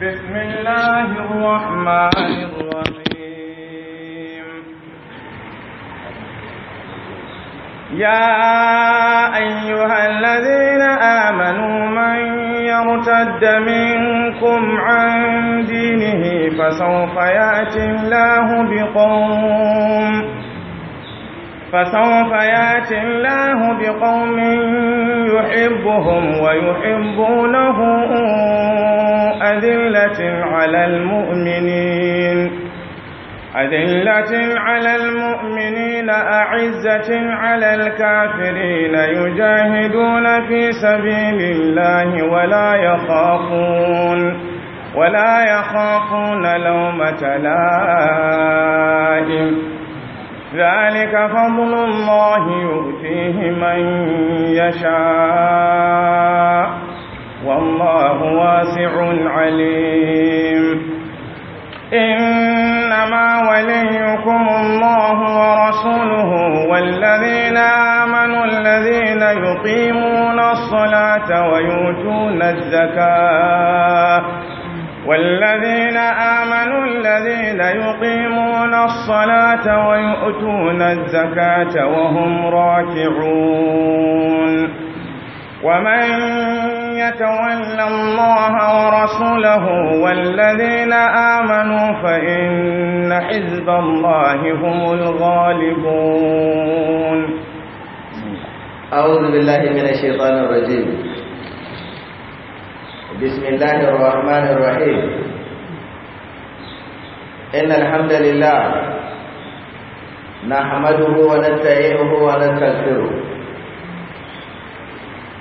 بسم الله الرحمن الرحيم يا أيها الذين آمنوا من يرتد منكم عن دينه فسوف يأتي الله بقوم فسوف ياتي الله بقوم يحبهم ويحبونه أذلة على المؤمنين أذلة على المؤمنين أعزة على الكافرين يجاهدون في سبيل الله ولا يخافون ولا يخافون لومة لائم ذلك فضل الله يؤتيه من يشاء والله واسع عليم إنما وليكم الله ورسوله والذين آمنوا الذين يقيمون الصلاة ويؤتون الزكاة والذين آمنوا الذين يقيمون الصلاة ويؤتون الزكاة وهم راكعون ومن يتول الله ورسوله والذين آمنوا فإن حزب الله هم الغالبون أعوذ بالله من الشيطان الرجيم بسم الله الرحمن الرحيم إن الحمد لله نحمده ونستعينه ونستغفره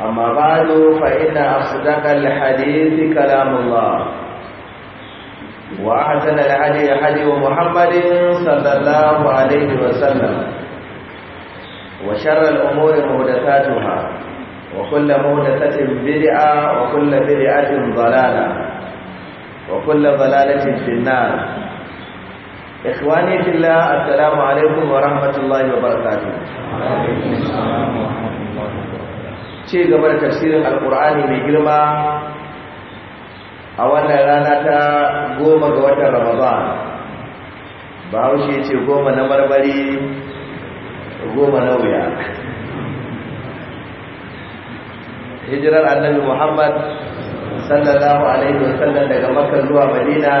amma ba zo fa’ina a sadakar hadithi kalamullah wa hatan al’adiyar hadiyo muhammadin sallallahu alaihi wasallam wa sharar umori mahudatatuwa wa kulla mahudatatin biri'a wa kulla biri'atin zalala wa kulla zalalatin finnar ikhwani filla assalamu alaikum wa rahmatullahi wa barakatuhu ce gaba da tafsirin alkur'ani mai girma a wannan rana ta goma ga watan ramadan bahaushe ce goma na marmari goma na wuya hijirar annabi muhammad sallallahu alaihi wa sallan daga makar zuwa madina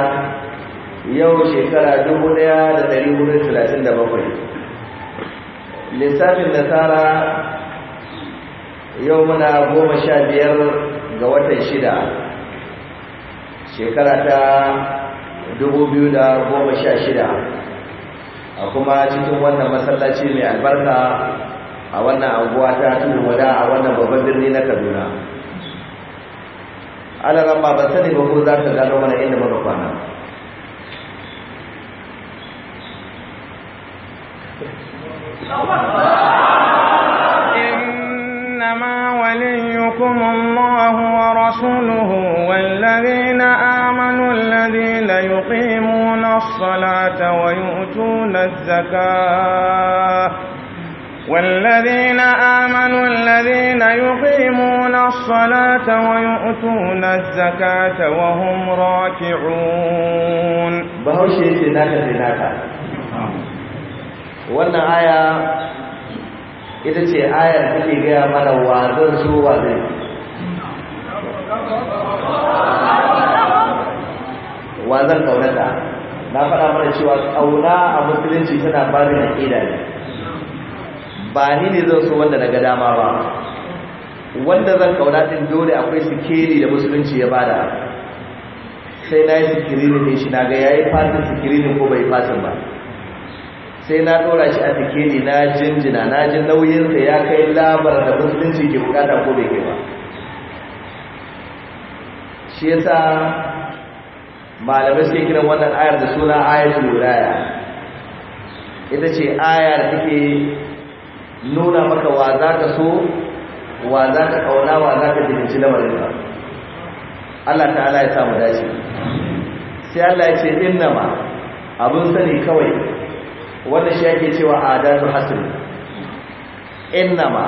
yau shekara dubu da da dari lissafin nasara yau muna goma sha biyar ga watan shida shekara ta dubu biyu da goma sha shida a kuma cikin wannan masallaci mai albarka a wannan abubuwa ta tuhu wada a wannan babban birni na kaduna ala rama ba sani ba ko za ta gano mana inda muka kwana Allah ينصركم الله ورسوله والذين آمنوا الذين يقيمون الصلاة ويؤتون الزكاة والذين آمنوا الذين يقيمون الصلاة ويؤتون الزكاة وهم راكعون بهوشي سناك سناك wannan aya ita ce ayar take gaya mana wazon su wazai wa zan kaunata na faɗa mana cewa kauna a musulunci tana bani na ƙida ne ba ni ne zan so wanda na ga dama ba wanda zan kauna din dole akwai sikiri da musulunci ya bada sai na yi sikiri ne shi na ga ya yi sikiri ne ko bai fatin ba sai na ɗora shi a sikiri na jinjina na jin nauyinsa ya kai labar da musulunci ke bukata ko bai kai ba shi yasa malamai suke kiran wannan ayar da suna ayatul wilaya ita ce ayar da take nuna maka wa za ka so wa za ka kauna wa za ka jirinci lamarin Allah ta'ala ya samu dace sai Allah ya ce innama abun sani kawai wanda shi yake cewa adatu hasri innama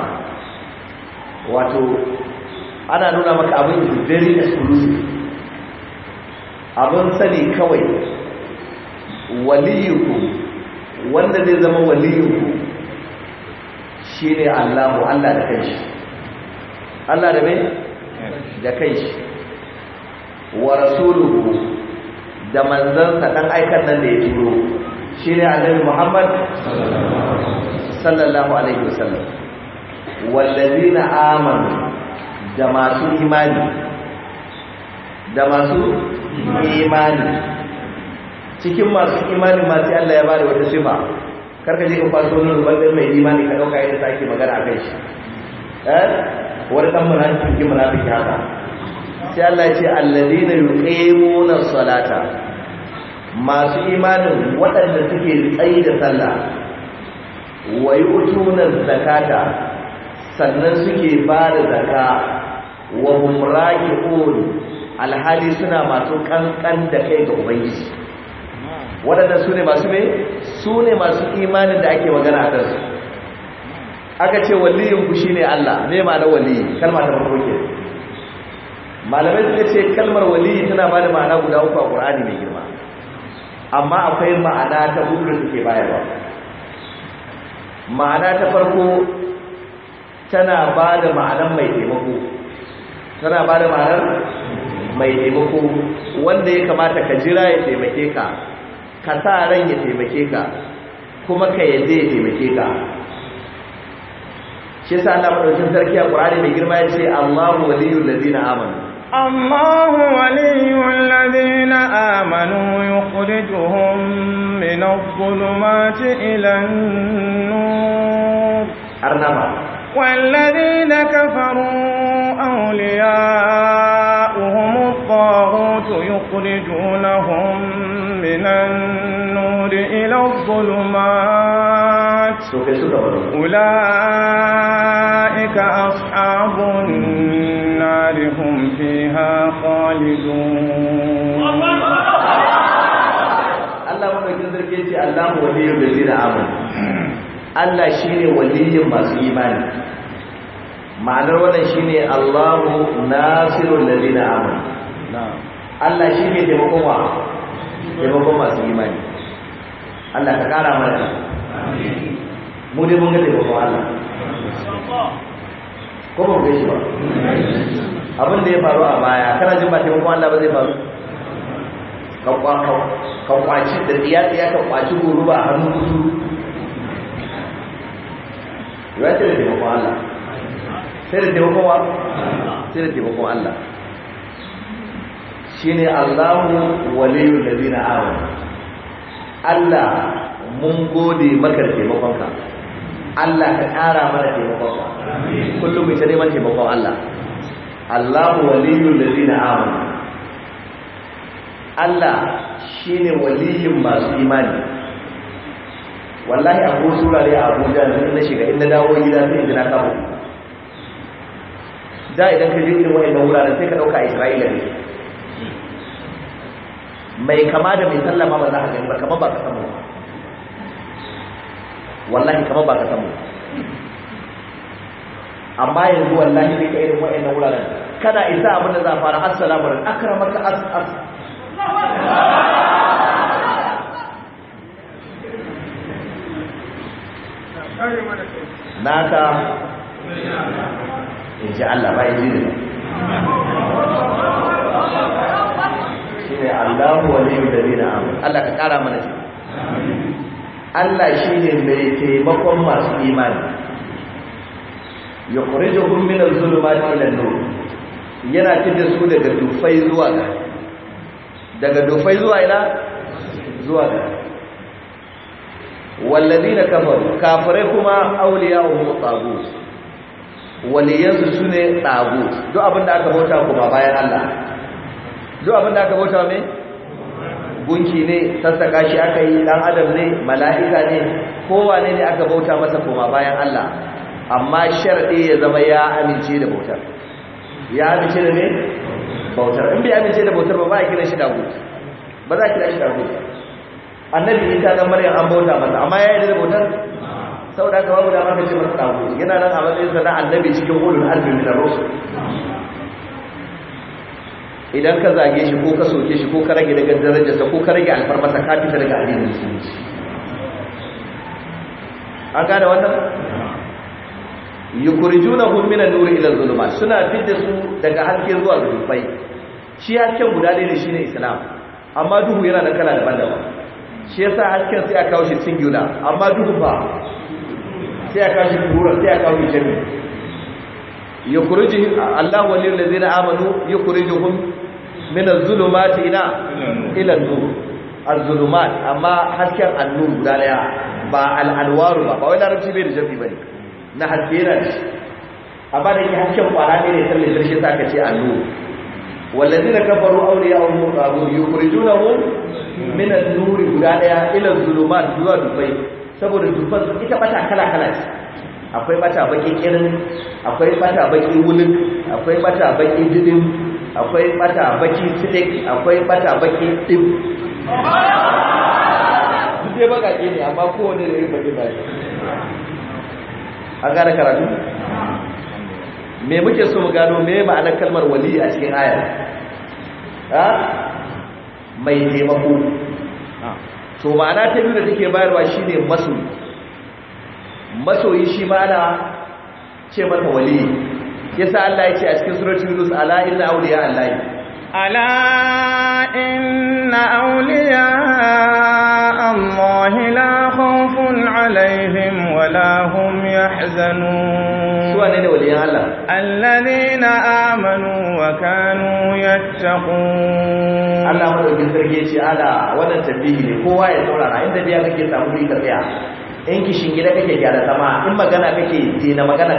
wato ana nuna maka abin da very exclusive abin sani kawai waliyuku wanda zai zama waliyuku shi ne allahu allah da kai shi allah da mai da kai shi wa rasuluhu da manzansa ɗan aikan nan da ya turo shi ne annabi muhammad sallallahu alaihi wasallam wallazina amanu da masu imani da masu imani cikin masu imani masu Allah ya bada wata shifa karka je ka kwaso wani rubar mai imani ka dauka yadda take magana a kai shi eh wani dan munafiki ki munafiki haka sai Allah ya ce alladheena yuqimuna salata masu imanin waɗanda suke tsayi da sallah wa yu'tuna zakata sannan suke ba da zakata wa hum alhali suna masu kankan da kai ga ubangiji waɗannan su masu me su masu imanin da ake magana a su. aka ce waliyin ku shine Allah me ma'ana waliyi kalma ta farko ke malamai suka ce kalmar waliyi tana ba da ma'ana guda uku a Ƙur'ani mai girma amma akwai ma'ana ta hudu da ke bayarwa ma'ana ta farko tana ba da ma'anan mai taimako tana ba da ma'anar mai taimako wanda ya kamata ka jira ya taimake ka ka sa ran ya taimake ka kuma ka yadda ya taimake ka shi sa Allah madaukakin sarki a Qur'ani mai girma ya ce Allahu waliyul ladina amanu الله amanu الذين آمنوا يخرجهم من الظلمات إلى النور أرنبا والذين كفروا أولياؤهم الطاغوت يخرجونهم من النور إلى الظلمات أولئك أصحاب النار هم فيها خالدون Allah mafakin zarge ce Allah waliyar da zira amur Allah shi ne waliyin masu imani ma'anar wannan shine Allahu nasirul ladina amur Allah shi ne taimakon wa taimakon masu imani Allah ka kara mana mu dai mun ga taimakon Allah ko ba gaishe ba abin da ya faru a baya kana jin ba taimakon Allah ba zai faru ka kwaci da tsiya ka kwaci goro ba a hannun kutu ya ce da taimakon Allah sai da taimakon wa sai da taimakon Allah Shi ne shine Allahu waliyul ladina awon Allah mun gode makar taimakon taimakonka Allah ka ƙara mana taimakonka kullum mai ta neman taimakon Allah Allahu waliyul ladina awon Allah shi shine waliyin masu imani wallahi abu sura da abu da na shiga inda dawo gida zai gina kawo da idan ka je irin wayannan wuraren sai ka dauka Isra'ila ne mai kama da mai sallama ba za ka gani ba kamar ba ka samu wallahi kamar ba ka samu amma yanzu wallahi sai ka irin wayannan wuraren kana isa abin da za a fara assalamu alaikum akramaka as as naka in ji Allah ba yi jini shi ne Allah waliyu da zina amin Allah ka kara mana shi Allah shi ne mai taimakon masu imani yukhrijuhum min az-zulumati ila an-nur yana fitar su daga dufai zuwa ga daga dufai zuwa ila zuwa ga walladina kafaru kafare kuma wa mutabus waliyansu su ne ɗago duk abinda aka bauta kuma bayan Allah duk abinda aka bauta mai gunki ne sassaka shi aka yi ɗan adam ne mala'ika ne kowane ne aka bauta masa kuma bayan Allah amma sharɗi ya zama ya amince da bautar ya amince da ne bautar in bai amince da bautar ba ba a kira shi ɗago ba za a kira shi ɗago annabi isa dan maryam an bauta masa amma ya yi da bautar saboda haka babu da maka ce masa yana nan a matsayin sana na annabi cikin hulun harbin min rosu idan ka zage shi ko ka soke shi ko ka rage daga darajarsa ko ka rage masa ka fita daga addinin su. an gane wannan yukhrijunahum juna, hulmina nuri ila zuluma dhulumat suna fitta su daga haske zuwa zurfai shi hasken guda ɗaya ne islam amma duhu yana da kala daban-daban shi yasa hasken sai a kawo shi singular amma duhu ba sai aka shi kurar sai ya kawo shi jami'i yukhrijuhum Allahu waliyul ladina amanu yukhrijuhum min az-zulumati ila ila nur az-zulumat amma hasken an-nur guda daya ba al-alwaru ba ba wai larabci bai da jami'i bane na haske na A amma da ke hasken kwara ne ne sai sarki sa ka ce an-nur wallazina kafaru awliya'uhum yukhrijunahum min an-nur guda daya ila az-zulumat zuwa dubai saboda dubban ita bata kala kala ce akwai bata baki kirin akwai bata baki wulin akwai bata baki didin akwai bata baki tilik akwai bata baki dim duk baka bakake ne amma kowane da yin baki baki A gane karatu me muke so mu gano me ma'anar kalmar wali a cikin ayar ha mai taimako to ma'ana ta biyu da take bayarwa shine masoyi masoyi shi ma ce masa wali yasa Allah ya ce a cikin suratul yunus ala inna awliya allahi ala inna awliya allahi la khawfun alaihim wala hum yahzanun suwa ne ne waliyan Allah alladhina amanu wa kanu yattaqun Allah mu da sarki ce ala wannan tabbihi ne kowa ya saurara inda biya kake samu bi tafiya in ki gida kake gyara sama in magana kake je na magana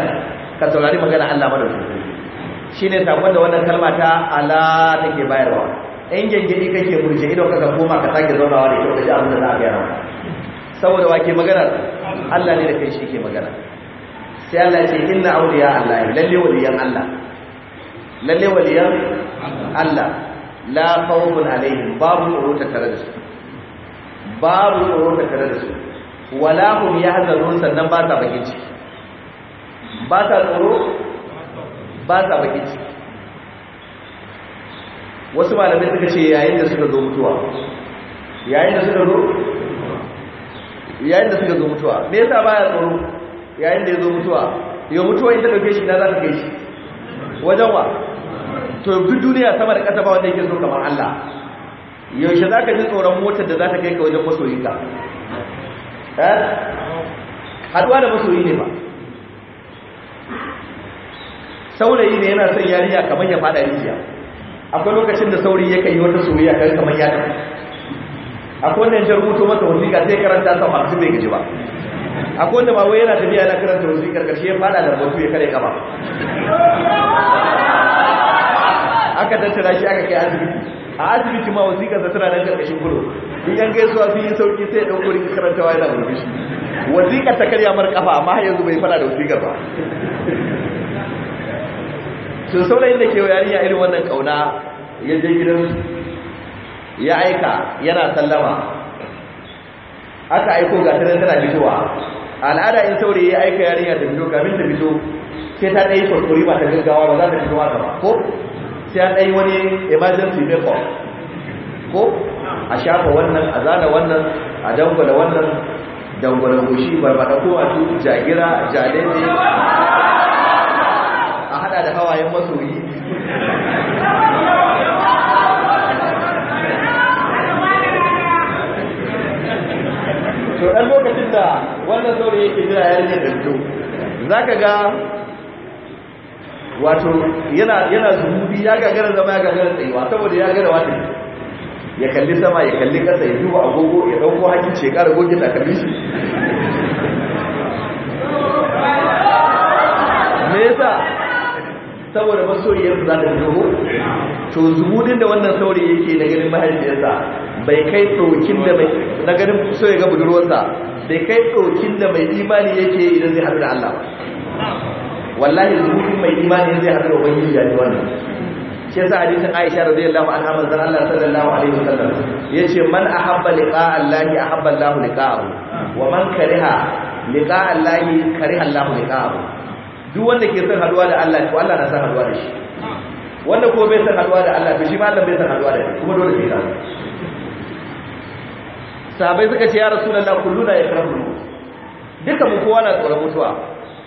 ka saurari magana Allah madaukakin sarki shine ne da wannan kalma ta ala take bayarwa in gengedi kake murje ido ka koma ka sake zaunawa da kyau ka ji abin da za a gyara saboda wake magana Allah ne da kai shi ke magana sai Allah ce inna auliya Allah lalle waliyan Allah lalle waliyan Allah la khawfun alaihim babu tsoro tare da su babu tsoro tare da su wala hum yahzanun sannan ba ta bakin ciki ba ta tsoro ba ta bakin ciki wasu malamai suka ce yayin da suka zo mutuwa yayin da suka zo yayin da suka zo mutuwa me yasa baya tsoro yayin da ya zo mutuwa yau mutuwa yin ta ɗauke shi na za ta kai shi wajen wa to duk duniya sama da ƙasa ba wanda yake zo kamar Allah yaushe za ka ji tsoron motar da za ta kai ka wajen masoyinka eh? haɗuwa da masoyi ne ba saurayi ne yana son yariya kamar ya faɗa rijiya akwai lokacin da saurayi ya yi wata soyayya kai kamar ya tafi akwai wanda ya mutu masa wasiƙa sai karanta sa ba su bai gaji ba akwai wanda ba wai yana tafiya na karanta wasu karkashi ya fada da mutu ya kare kaba aka tattara shi aka kai asibiti a asibiti ma wasiƙar da tana nan karkashin kuro in yan gaisuwa sun yi sauki sai ɗan kurin karantawa yana murmushi wasiƙar ta karya mar kafa amma har yanzu bai fada da wasiƙar ba sun saurayin da ke yarinya irin wannan ƙauna, ya je gidan ya aika yana sallama aka aiko ga tana tana fitowa al'ada in saurayi ya aika yarinya ta fito kamin ta fito sai ta ɗaya kurkuri ba ta gaggawa ba za ta fito haka ba ko sai an ɗaya wani emergency makeup ko a shafa wannan a zana wannan a dangwala wannan dangwala goshi barbada ko a tu jagira jalebe a haɗa da hawayen masoyi to ɗan lokacin da wannan saurayi yake jira ya rike dantu za ka ga wato yana zubi ya gagara zama ya gagara tsayuwa saboda ya gara wata ya kalli sama ya kalli ƙasa ya duba agogo ya ɗauko hakin shekara goge da kalli shi me yasa saboda masoyiyar za ta fito to zubudin da wannan saurayi yake na ganin mahaifiyarsa bai kai tsokin da mai na ganin so ya ga budurwarsa bai kai tsokin da mai imani yake idan zai haɗu da Allah wallahi zuhudin mai imani zai haɗu da wani yi yaji wannan sa yasa hadisin Aisha da anha manzon Allah sallallahu alaihi wasallam yace man ahabba liqa Allah ahabba Allah liqa'ahu wa man kariha liƙa Allah kariha Allah liqa'ahu duk wanda ke son haɗuwa da Allah to Allah na san haɗuwa da shi wanda ko bai san haɗuwa da Allah to shi ma Allah bai san haɗuwa da shi kuma dole ke ka sahabai suka ce ya rasulullah kulluna yakrahu duka mu kowa na tsoron mutuwa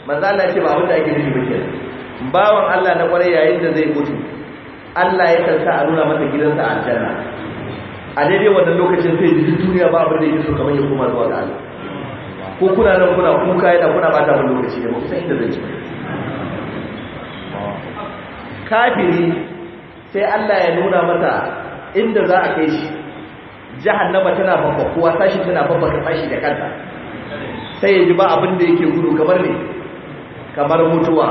manzo Allah ce ba abin da ake nufi ba ke bawan Allah na kware yayin da zai mutu Allah ya sa a nuna masa gidansa a aljanna a daidai wannan lokacin sai ji duniya ba abin da yake so kamar ya koma zuwa ga Allah ko kuna nan kuna kuka yana kuna bata mun lokaci ne ba kusan inda zai ci kafiri sai Allah ya nuna mata inda za a kai shi jahannama tana babba kowa sashi tana babba ka tashi da kanta sai ya ji ba abin da yake gudu kamar ne kamar mutuwa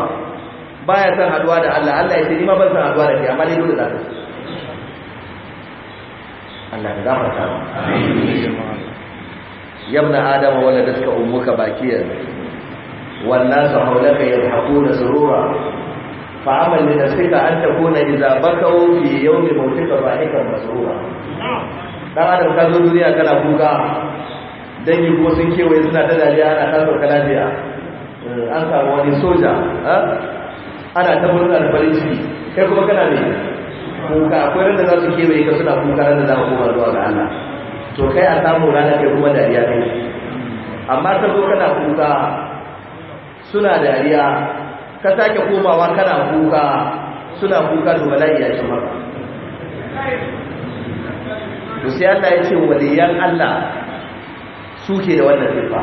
baya san haduwa da Allah Allah ya ce ni ma ban san haduwa da kai amma dai dole za ka Allah ya gafarta amin adam wala daska ummuka bakiyan والناس حولك يضحكون سرورا فعمل لنفسك أن idza bakau fi yawmi mawtika fa hikam مسرورا dan adam ka zo duniya kana kuka yi kuma sun kewaye suna ta dariya ana ta sauka lafiya eh, an samu wani soja eh, ana ta murna da farin ciki kai kuma kana ne kuka akwai randa za su kewaye ka suna kuka randa za ka kuma zuwa ga Allah to kai a samu rana kai kuma dariya kai amma ta zo kana kuka suna dariya ka sake komawa kana kuka suna kuka da bala'i ya maka to sai Allah ya ce waliyan Allah suke da wannan sifa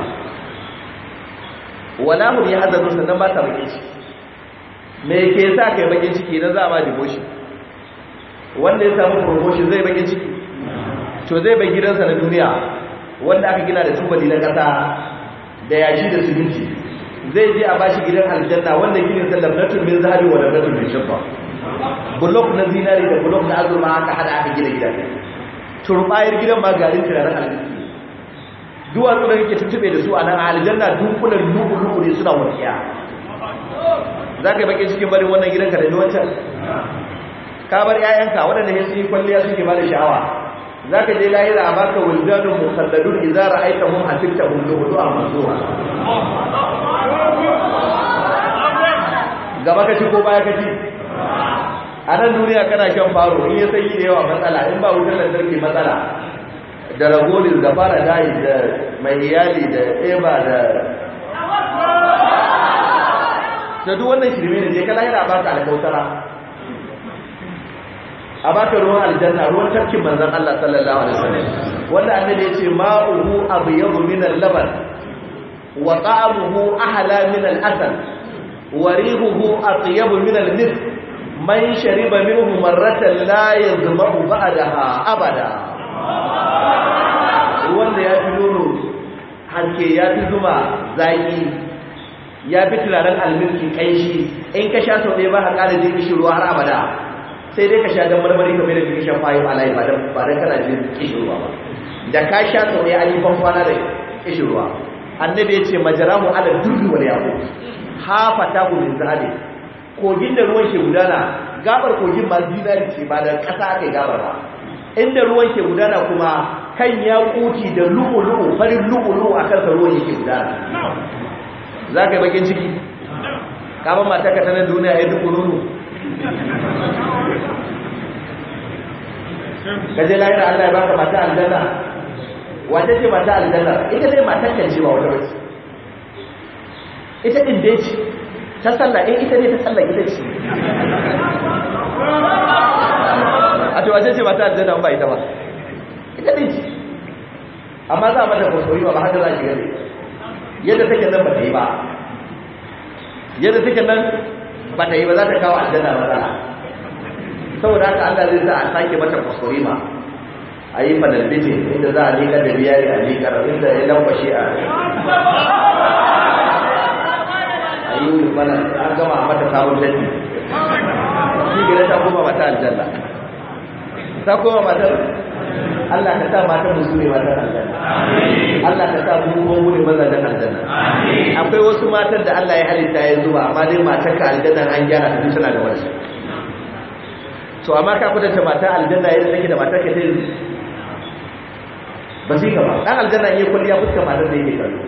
wala hum yahdathu sannan ba ta bakin ciki me yake sa kai bakin ciki dan za ba diboshi wanda ya samu promotion zai bakin ciki to zai bai gidansa na duniya wanda aka gina da tubali na kasa da yashi da siminti zai je a bashi gidan aljanna wanda ginin sallam na tumin zahabi wa lamnatul min shabba bulok na zinari da bulok na azurma aka hada aka gina gidan turbayar gidan ba garin turaren alƙalƙi duwatsu da yake tuntube da su a nan aljanna dunkunan lubu ne suna wakiya za ka yi bakin cikin barin wannan gidanka da wancan ka bar 'ya'yanka waɗanda ya suke kwalliya suke ba da sha'awa za ka je layira a baka wuldanun musalladun izara aika mun hasikta hulɗu a manzuwa gaba ka ci ko baya ka ci a nan duniya kana shan faro in ya sai da yawa matsala in ba wutar lantarki matsala da ragolin da fara dayi da mai iyali da eba da da duk wannan shirme ne je kala yana ba ka alkautara a baka ruwan aljanna ruwan tafkin manzan Allah sallallahu alaihi wasallam wanda annabi ya ce ma'uhu abyadu min al-laban wa ta'amuhu ahla min al-asal wa rihuhu atyabu min al-misk man shariba minhu marratan la yazma'u ba'daha abada wanda ya fi nono harke ya fi zuma zaki ya fi turaren alminki kanshi in ka sha sau ɗaya ba ka ƙara jin ruwa har abada sai dai ka sha don marmari kamar da jikin shan fayi ba layi ba don kana jin ruwa ba da ka sha sau ɗaya an yi kwana da kishirwa annabi ya ce majaramu ala durri wal yaqut ha fatahu min zalim kogin da ruwan ke gudana gabar kogin ma zinari ce ba da ƙasa aka yi gabar ba inda ruwan ke gudana kuma kan ya kuti da lu'ulu'u farin lu'ulu'u a kansa ruwan yake gudana za ka yi bakin ciki kama mata ka tanar duniya ya lu'ulu'u ka je lahira allah ya baka mata aljanna wata ce mata aljanna ita dai matan kan ce ba wata wace ita ɗin dai ce ta sallah ɗin eh, ita ne ta sallah ita ce a to wace ce ba ta da ba ita ba ita ne ce amma za a mata kwasoyi ba ba haka za a shiga ne yadda take nan ba ta yi ba yadda take nan ba ta yi ba za ta kawo aljanna ba za saboda haka Allah zai za a sake mata kwasoyi ma a yi fanalbitin inda za a liƙar da biyari a liƙar inda ya lambashe a mujin bana an gama a mata samun lafi shi gina ta kuma mata aljanna ta kuma matar Allah ka sa mata musu ne matan aljanna Allah ka sa mu ko mu ne mazajen aljanna akwai wasu matan da Allah ya halitta ya zuba amma dai matar ka aljanna an gyara ta tana da wani to amma ka fita ta mata aljanna yayin da take da matar ka sai ba sai ka ba dan aljanna yayin kulliya fuskar matar da yake kallo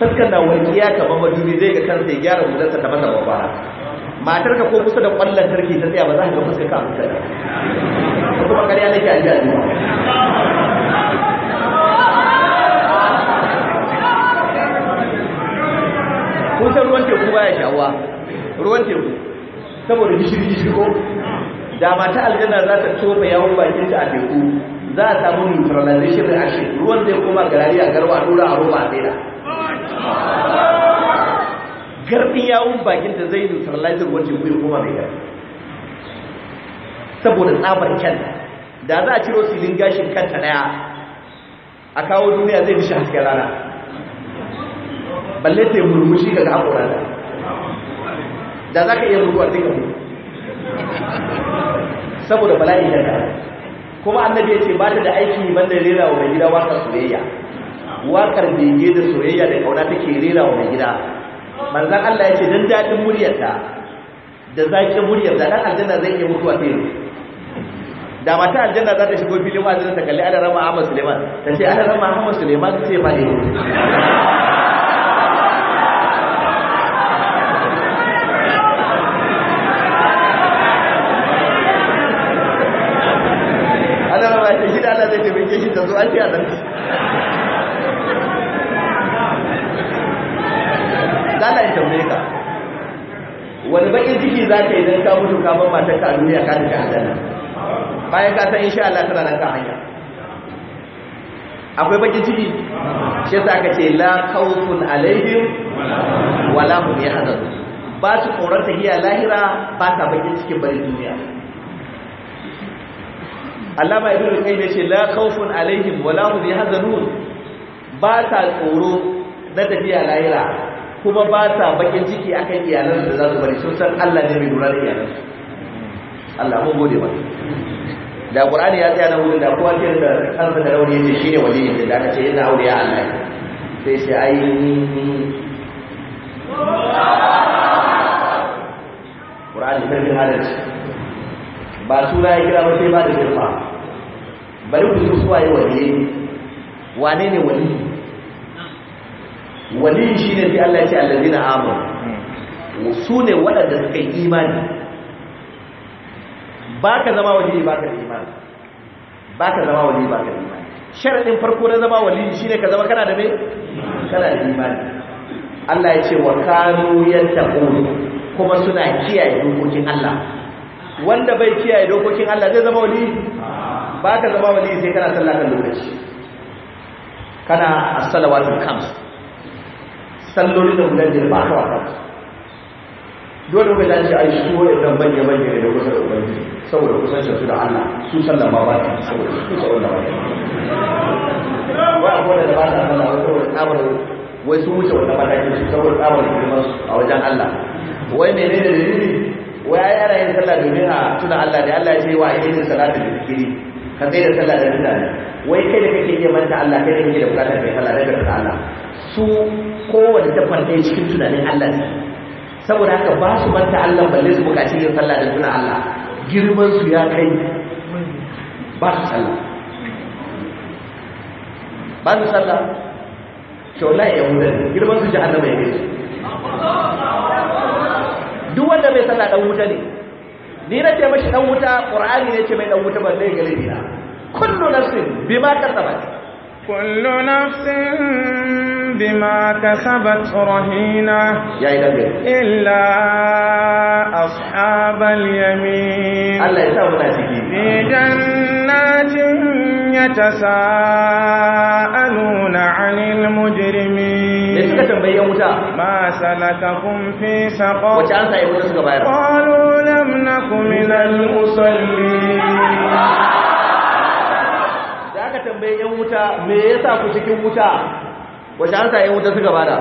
fuskar na ya kamar madubi zai ga kansa ya gyara hularsa ta masa babara matar ka ko kusa da ƙwallon tarki ta tsaya ba za ka ga fuska ka a ba kuma kariya nake a jiya kusan ruwan teku baya shawuwa ruwan teku saboda gishiri gishiri ko da mata aljanna za ta tofa yawon bakin ta a teku za a samu neutralization reaction ruwan zai koma garari a garwa a dora a roba a tsira Garbin yawon bakin da zai lajin wajen kuyi kuma mai gari saboda tsabar kyan da za a ciro silin gashin kanta daya a kawo duniya zai nishi hasken rana balle ta yi murmushi ga haƙura rana da za ka iya murmuwa duka mu saboda bala'i da kuma annabi ya ce ba ta da aiki ban da rera wa mai gida wasa soyayya wakar bege da soyayya da kauna take rera wa mai gida manzon Allah ya ce dan dadin muryarta da zakin muryar da dan aljanna zai iya mutuwa sai da mata aljanna za ta shigo filin wa'azin ta kalli rama Ahmad Suleiman ta ce rama Ahmad Suleiman sai ba ne za ka yi don ka mutu ka ban matar ka duniya ka tafi aljanna bayan ka san insha Allah tana nan ka hanya akwai bakin ciki shi yasa aka ce la khawfun alaihim wala hum yahzanun ba su tsoron tahiya lahira ba ta bakin cikin bari duniya Allama kai Qayyim ce, la khawfun alaihim wala hum yahzanun ba ta tsoro na tafiya lahira kuma ba sa bakin ciki akan iyalan da za su bari sun san Allah ne mai lura da iyalan Allah mun gode ba da Qur'ani ya tsaya na wurin da kowa ke da kansa da rauni yace shine yake da aka ce yana ya Allah sai sai ai ni Qur'ani sai bi halarci ba suna ya kira ba sai ba da girma bari ku zuwa yi waliyi wane ne waliyi waliyin shi ne fi Allah ya ce na amur su ne waɗanda suka yi imani ba ka zama wani ba ka da imani ba ka zama wani ba ka da imani sharaɗin farko na zama wani shi ne ka zama kana da mai kana da imani Allah ya ce wa kanu ƙoro kuma suna kiyaye dokokin Allah wanda bai kiyaye dokokin Allah zai zama wani? ba ka zama wani sai kana sallah kan lokaci kana as-salawatul khams salloli da gudan da ba ta wata dole mai dace a yi su wani dan manya manya da kusa da ubangiji saboda kusancin su da Allah su sallan ma ba ta saboda su sallan ma ba ta ba a kowane da ba ta sallan wani saboda tsabar wai sun wuce wanda matakin su saboda tsabar girman su a wajen Allah wai menene da dalili wai ai ana yin sallah domin a tuna Allah da Allah ya ce wa a yi salatu da zikiri ka sai da sallah da mutane wai kai da kake yi manta Allah kai da kake da bukatar kai sallah da Allah su kowane dabbar ɗaya cikin tunanin Allah ne saboda haka ba su manta Allah balle su bukaci yin sallah da tuna Allah girman su ya kai ba su sallah ba su sallah shola ya wuce girman su jahannama ya gaisu duk wanda mai sallah ɗan wuta ne ni na ce mashi ɗan wuta qur'ani ne ce mai ɗan wuta ba zai gare ni na kullu nafsin bima kasabat كل نفس بما كسبت رهينة إلا أصحاب اليمين في جنات يتساءلون عن المجرمين ما سلككم في سقر قالوا لم نك من المصلين tambaye yan wuta me yasa ku cikin wuta wace an sa yan wuta suka bada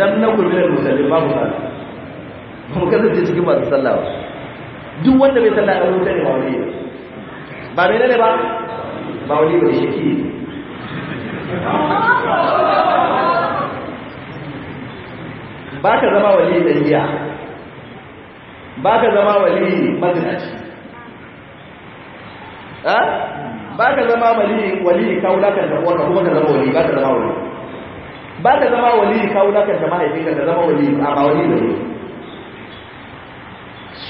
lam nakul minal musallin ba mu sallah ba mu kasance cikin masu sallah ba duk wanda bai sallah yan wuta ne ba wani ba mai ne ba ba wani ba shaki ba ka zama wali da ba ka zama wali mazinaci ah? ba ka zama wali wali kaulakan da wata kuma ka zama wali ba ka zama wali ba ka zama wali kaulakan da mahaifinka ka zama wali a ba wali wali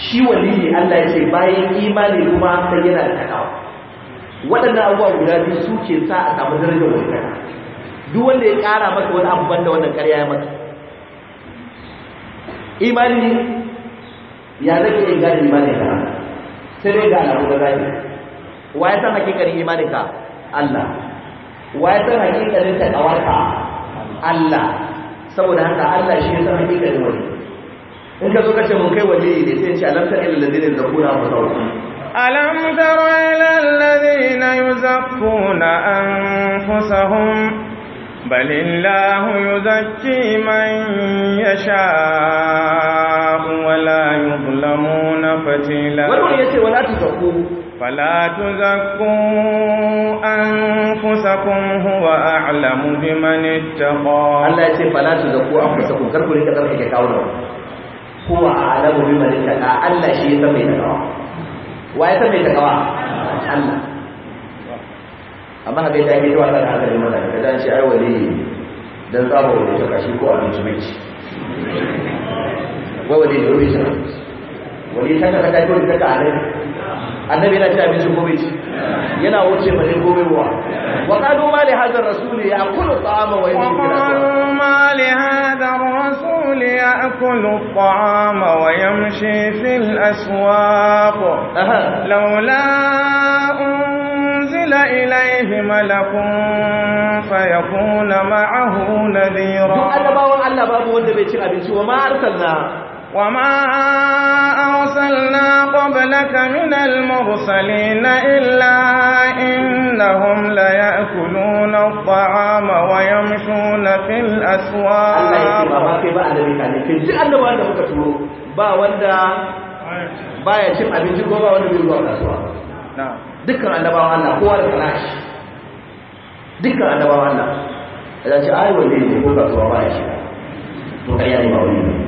shi wali Allah ya ce bayan imani kuma sai yana da takawa waɗannan abubuwa guda biyu su ke sa a samu darajar wani duk wanda ya ƙara maka wani abu banda wannan ƙarya ya maka imani ya zai iya gane imani ka sai dai ga alamu da zai wa ya san hakikarin imaninka Allah wa ya san hakikarin takawarka Allah saboda haka Allah shi ya san hakikarin wani in ka zo ka ce mun kai waje ne sai ce alam tara ilal ladina yuzakuna anfusahum alam tara ilal ladina yuzaquna anfusahum بل الله يزكي من يشاء ولا يظلمون فتيلا ولو يتي ولا تزكوا فلا تزكوا a هو أعلم بمن اتقى الله يقول فلا تزكوا أنفسكم كركوا لك تركك كاونا هو أعلم بمن اتقى الله شيء يسمي تقوى ويسمي تقوى الله amma haka ta yi wata da hankali mana da dan shi ai wali dan tsaba wali ta kashi ko abinci mai ci wai wali da wuri ta wali ta ka ta ko ta ka alai annabi yana ci abinci gobe ci yana wuce bane gobe wa wa qalu ma li hadha ar-rasul ya'kulu at-ta'ama wa yamshi fil aswaq ma li hadha ar-rasul ya'kulu at-ta'ama wa yamshi fil aswaq laula أنزل إليه ملك فيكون معه نذيرا أنا باوان الله بابو وانت بيتشن وما وما أرسلنا قبلك من المرسلين إلا إنهم ليأكلون الطعام ويمشون في الأسواق ba wanda baya cin abinci ko ba wanda bai zuwa kasuwa dukkan annabawan Allah kowa da sana'a dukkan annabawan Allah da ce ai wanda ne ko kasuwa baya shi to kai ya ne ba wani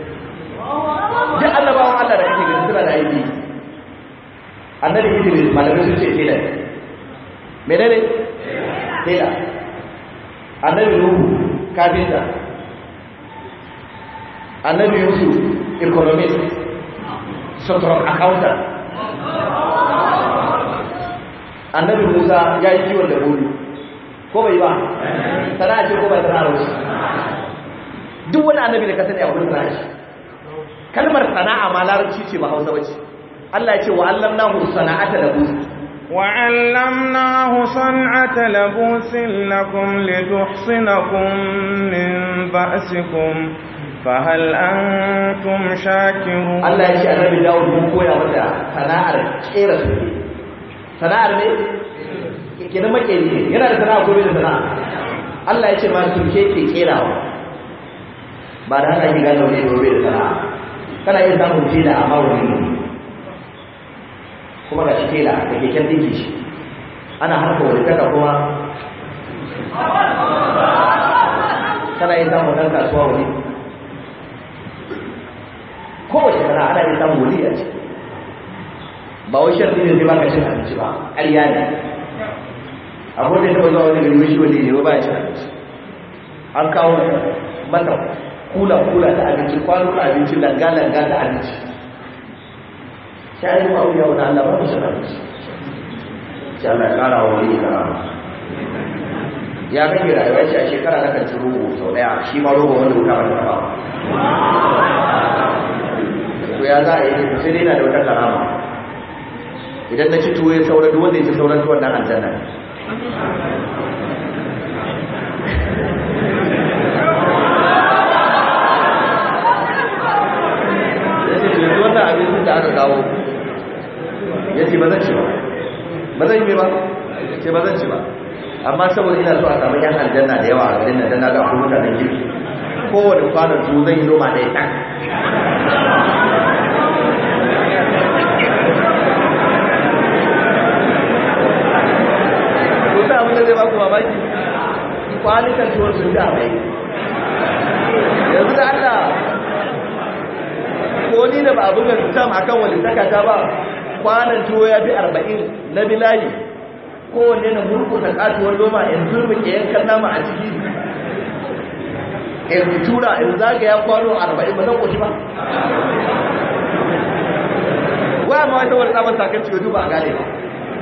duk annabawan Allah da kake gani suna da aiki annabi Idris malamai sun ce tela menene tela annabi Nuhu kafinta annabi Yusuf economist sotron accountant annabi Musa ya yi kiwon da bulu ko bai ba sana'a ce ko bai sana'a duk wani annabi da ka sani a wurin sana'a kalmar sana'a ma larabci ce ba hausa bace Allah ya ce wa allamnahu sana'ata labus wa allamnahu sana'ata labus lakum lituhsinakum min ba'sikum fa hal antum shakirun Allah ya ce annabi Dawud mun koya mata sana'ar kera sana'ar ne kenan makeri yana da sana'a gobe da sana'a Allah ya ce ma su ke kerawa ba da haka ki gane wani gobe da sana'a kana iya samun tela a mawurin ne kuma ga cike tela da keken dinki shi ana harka wani kaka kuma kana iya samun ɗan kasuwa wani kowace sana ana iya samun wani a ce ba wai shi ne zai baka cin abinci ba ƙarya ne abu da ya taɓa zuwa wani gari wani shi wani ne ba ya cin abinci an kawo mata kula-kula da abinci kwanon abinci langa-langa da abinci shayin ma'u yau na allah da su abinci shi allah kara wani na ya rage rayuwar shi a shekara na kan ci rogo sau daya shi ma rogo wani wuta wani ta ba to ya za a yi sai dai na da wata karama idan na ci tuwo ya saurari wanda ya ci sauran tuwon nan aljanna da aka kawo ya ce ba zan ci ba ba zan yi ba ce ba zan ci ba amma saboda ina so a samu yan aljanna da yawa a garin nan na ga kuma mutanen girki kowane kwanan su zan yi noma ɗaya ɗan kusa abin da zai baku mamaki kwanikan tuwon sun da mai yanzu da allah ko ni da ba abin da tam akan walittaka ta ba kwanan tuwo ya fi arba'in na bilayi kowanne na murku ta katuwar loma in turbi ke yankan nama a ciki in tura in ya kwano arba'in ba zan ƙoshi ba waya ma wata wani tsabar takar ciwo duba a gane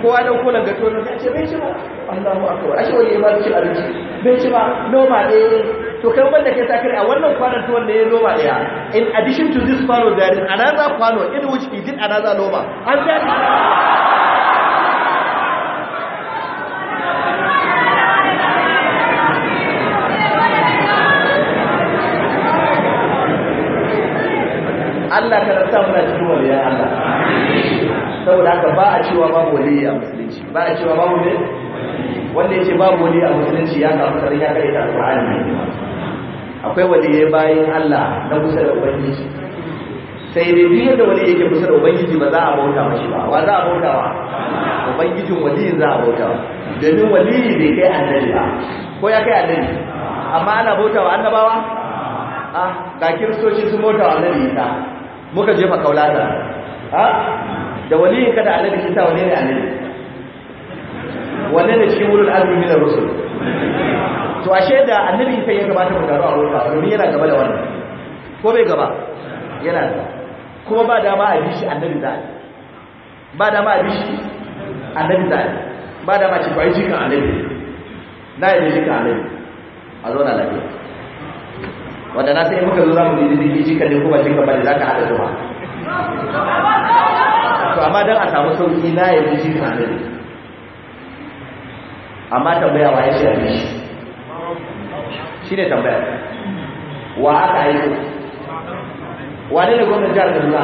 kowa don kunan ga tuwo na ce bai ci ba allahu akwai ashe wani ya ba ci abinci bai ci ba noma ɗaya to kai wanda kai sakar a wannan kwanon tuwon da ya loba daya in addition to this kwano there is another kwano in which he did another loba an that Allah ka rasa muna cikin ya Allah saboda haka ba a cewa babu wani a musulunci ba a cewa babu ne wanda ya ce babu wani a musulunci ya kafa tsarin ya kai ta alƙur'ani akwai ya bayan Allah na kusa da ubangiji sai dai duk yadda wani yake kusa da ubangiji ba za a bauta mashi ba wa za a bauta wa ubangijin waliyin za a bauta wa domin waliyi bai kai annabi ba ko ya kai annabi amma ana bauta wa annabawa a ah, ga kiristoci sun bauta wa annabi ita muka jefa kaulata ha da waliyin kada annabi kisa wani ne annabi wani ne cikin wurin azumi na rusul to ashe da annabi sai ya gabata mu garo a wurin ba domin yana gaba da wannan ko bai gaba yana da kuma ba dama a bishi annabi da ba dama a bishi annabi da ba dama ci bai ka annabi na yi ka annabi a zo na lafiya wanda na sai muka zo za mu yi jirgin jikan ne kuma jikan ba da za ka haɗa zuwa to amma don a samu sauki na yi ka annabi amma tambaya wa ya ce shi shi ne tambaya wa aka yi Wani ne gwamnan jihar kaduna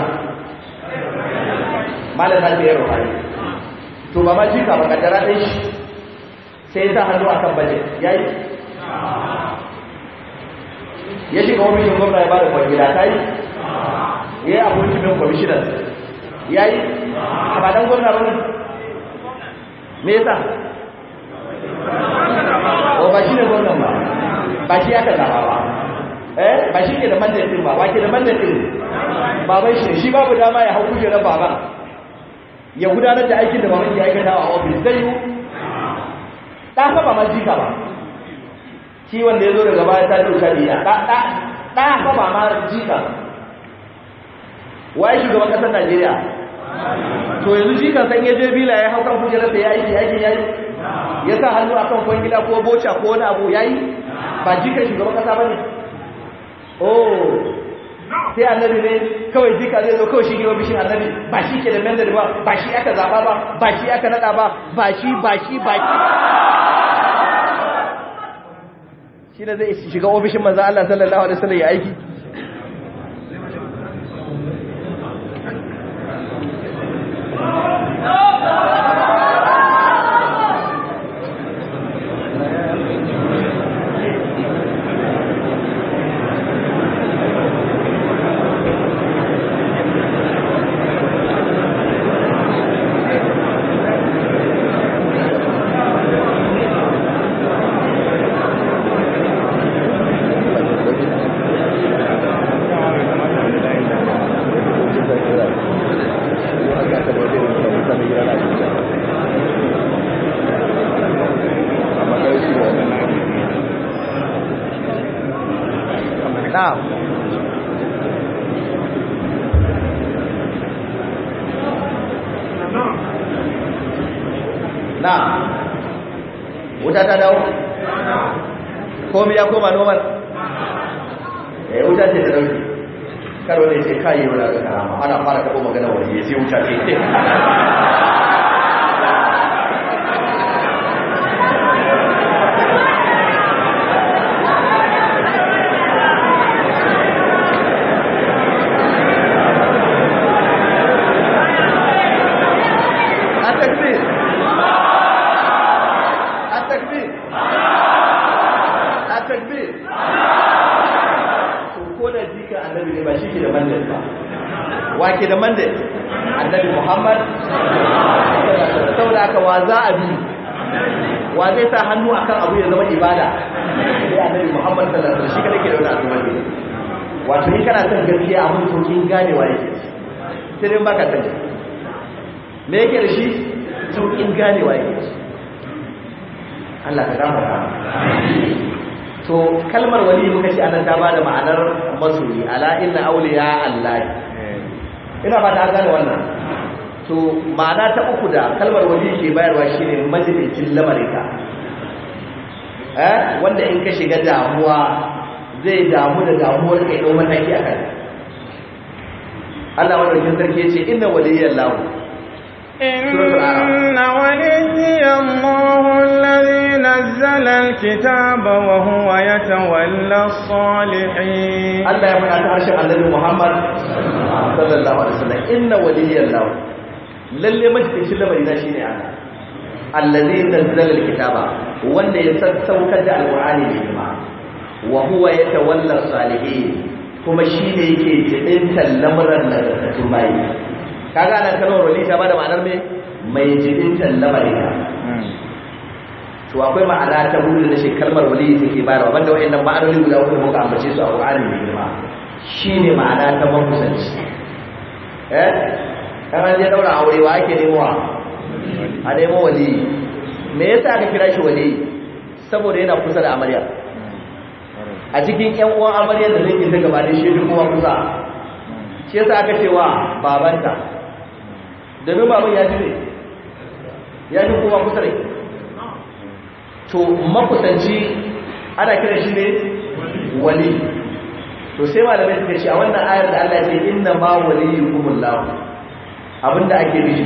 malam zafi ya ruhari to ba ma ka ba kaddara ɗin shi sai ta hannu a kan baje ya yi ya shiga ofishin gwamna ya ba da kwangila ta yi ya yi abu min kwamishinan ya yi a ba dan gwamna ba ne me yasa ko ba shi ne gwamnan ba ba shi aka zaba ba eh ba shi ke da mandatin ba ba ke da mandatin baban shi shi babu dama ya hau kujerar baban ya gudanar da aikin da baban ke aikata a ofis zai yi ɗa fa ba majika ba shi wanda ya zo daga baya ta dauka biya ɗa ɗa ɗa fa ba jika ba shugaban ƙasar Najeriya to yanzu jikan san ya je bila ya hau kan kujerar da ya aiki aikin ya yi ya sa hannu akan gida ko boca ko wani abu ya yi? ba jikan shugaban kasa bane oh sai annabi ne kawai jika zai zo kawai shi ne bishin annabi ba shi ke da mendel ba ba shi aka zaba ba ba shi aka nada ba ba shi ba shi ba shi shi ne zai shiga ofishin manzo Allah sallallahu alaihi wasallam ya aiki Oh, annabi ne ba shi ke da mandal ba wa ke da mandal annabi muhammad saboda aka wa za a bi wa zai sa hannu akan abu ya zama ibada ya annabi muhammad sallallahu alaihi shi kada ke da wani azumar ne wato ni kana son gaskiya kin gane wa yake sai dai baka sani me yake da shi sauƙin wa yake Allah ka gama to kalmar wali muka ce anan ta da ma'anar masoyi ala inna awliya Allah ina ba ta gane wannan to ma'ana ta uku da kalmar wali ke bayarwa shine majalisin lamarika eh wanda in ka shiga damuwa zai damu da damuwar kai don mataki a kai Allah madaukakin sarki ya ce inna waliyyan lahu inna waliyyan Allahu alladhi نزل الكتاب وهو يتولى الصالحين الله يمنع تعرش النبي محمد صلى الله عليه وسلم إن ولي الله للي مجد شلما يناشيني أنا الذي نزل الكتاب وأن يستوك القرآن الكريم وهو يتولى الصالحين kuma shi ne yake jibintar lamuran nagartattun bayi kaga ana kalmar wali ta ba da ma'anar mai mai jibintar lamarin to akwai ma'ana ta hudu da shi kalmar wali ke bayarwa banda wayannan ma'anoni guda uku muka ambace su a Qur'ani ne ma ne ma'ana ta mafusanci eh kana je daura aure wa ake nemowa a nemo wali me yasa aka kira shi wali saboda yana kusa da amarya a cikin ƴan uwan amarya da zai ta gaba da shi duk kuma kusa shi yasa aka cewa babanta domin baban ya ji ne ya ji kuma kusa ne to makusanci ana kira shi ne wali to sai malamai suka ce a wannan ayar da Allah ce inna ma waliyukumullahu abinda ake nufi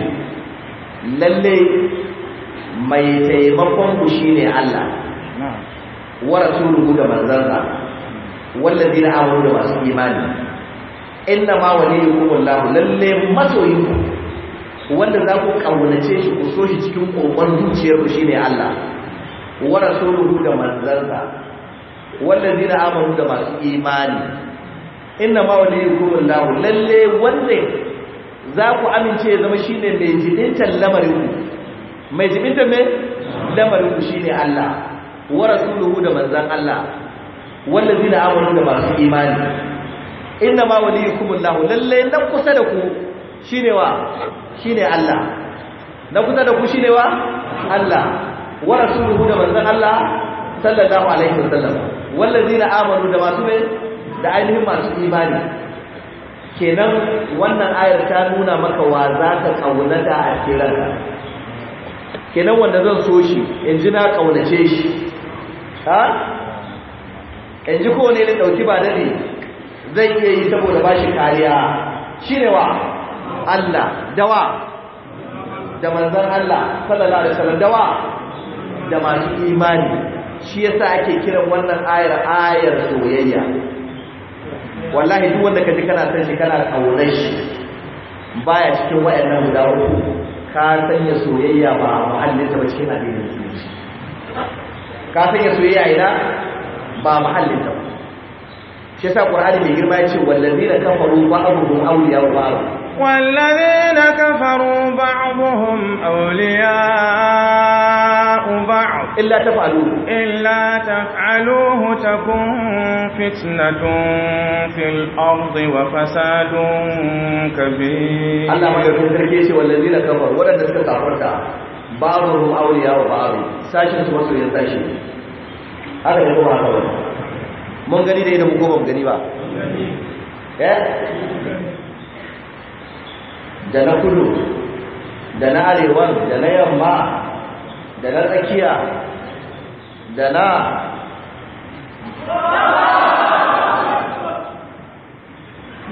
lalle mai taimakon ku shine Allah wa rasuluhu da manzansa wallazina amanu da masu imani inna ma lahu, lalle masoyinku wanda za ku kaunace shi ku so shi cikin kokon zuciyarku shine Allah wa rasuluhu da manzansa wallazina amanu da masu imani inna ma waliyukum Allah lalle wanda za ku amince zama shine mai jibintan lamarin ku mai jibintar me lamarin ku shine Allah wa rasuluhu da manzan Allah wallazina amanu da masu imani inna ma waliyukum Allah lalle nan kusa da ku shine wa shine Allah na kusa da ku shine wa Allah wa rasuluhu da manzon Allah sallallahu alaihi wasallam wallazina amanu da masu ne da ainihin masu imani kenan wannan ayar ta nuna maka wa za ka kaunata a kiran kenan wanda zan so shi in ji na kaunace shi ha in ji ko ne da dauki ba dade zai iya yi saboda bashi kariya shine wa Allah dawa da manzon Allah sallallahu alaihi wasallam dawa da masu imani shi yasa ake kiran wannan ayar ayar soyayya wallahi duk wanda kaji kana san shi kana kaunar shi baya cikin wayannan guda uku ka sanya soyayya ba muhallin ta ba cikin addinin musulunci ka sanya soyayya ina ba muhallin ta ba shi yasa qur'ani mai girma yace wallazina kafaru ba'dhum awliya ba'd والذين كفروا بعضهم أولياء illa ta fa’alu illa ta fa’alu huta kun fitnatun fil ọrzi fasadun kabe Allah magagin sarki shi wallazi na kamar waɗanda suka kafarta babu ruru auri yawon babu sashen su masu yin sashi aka yi kuma haka wani mun gani da yi da hukumar gani ba da na kudu da na Arewa, da na yamma da na tsakiya da na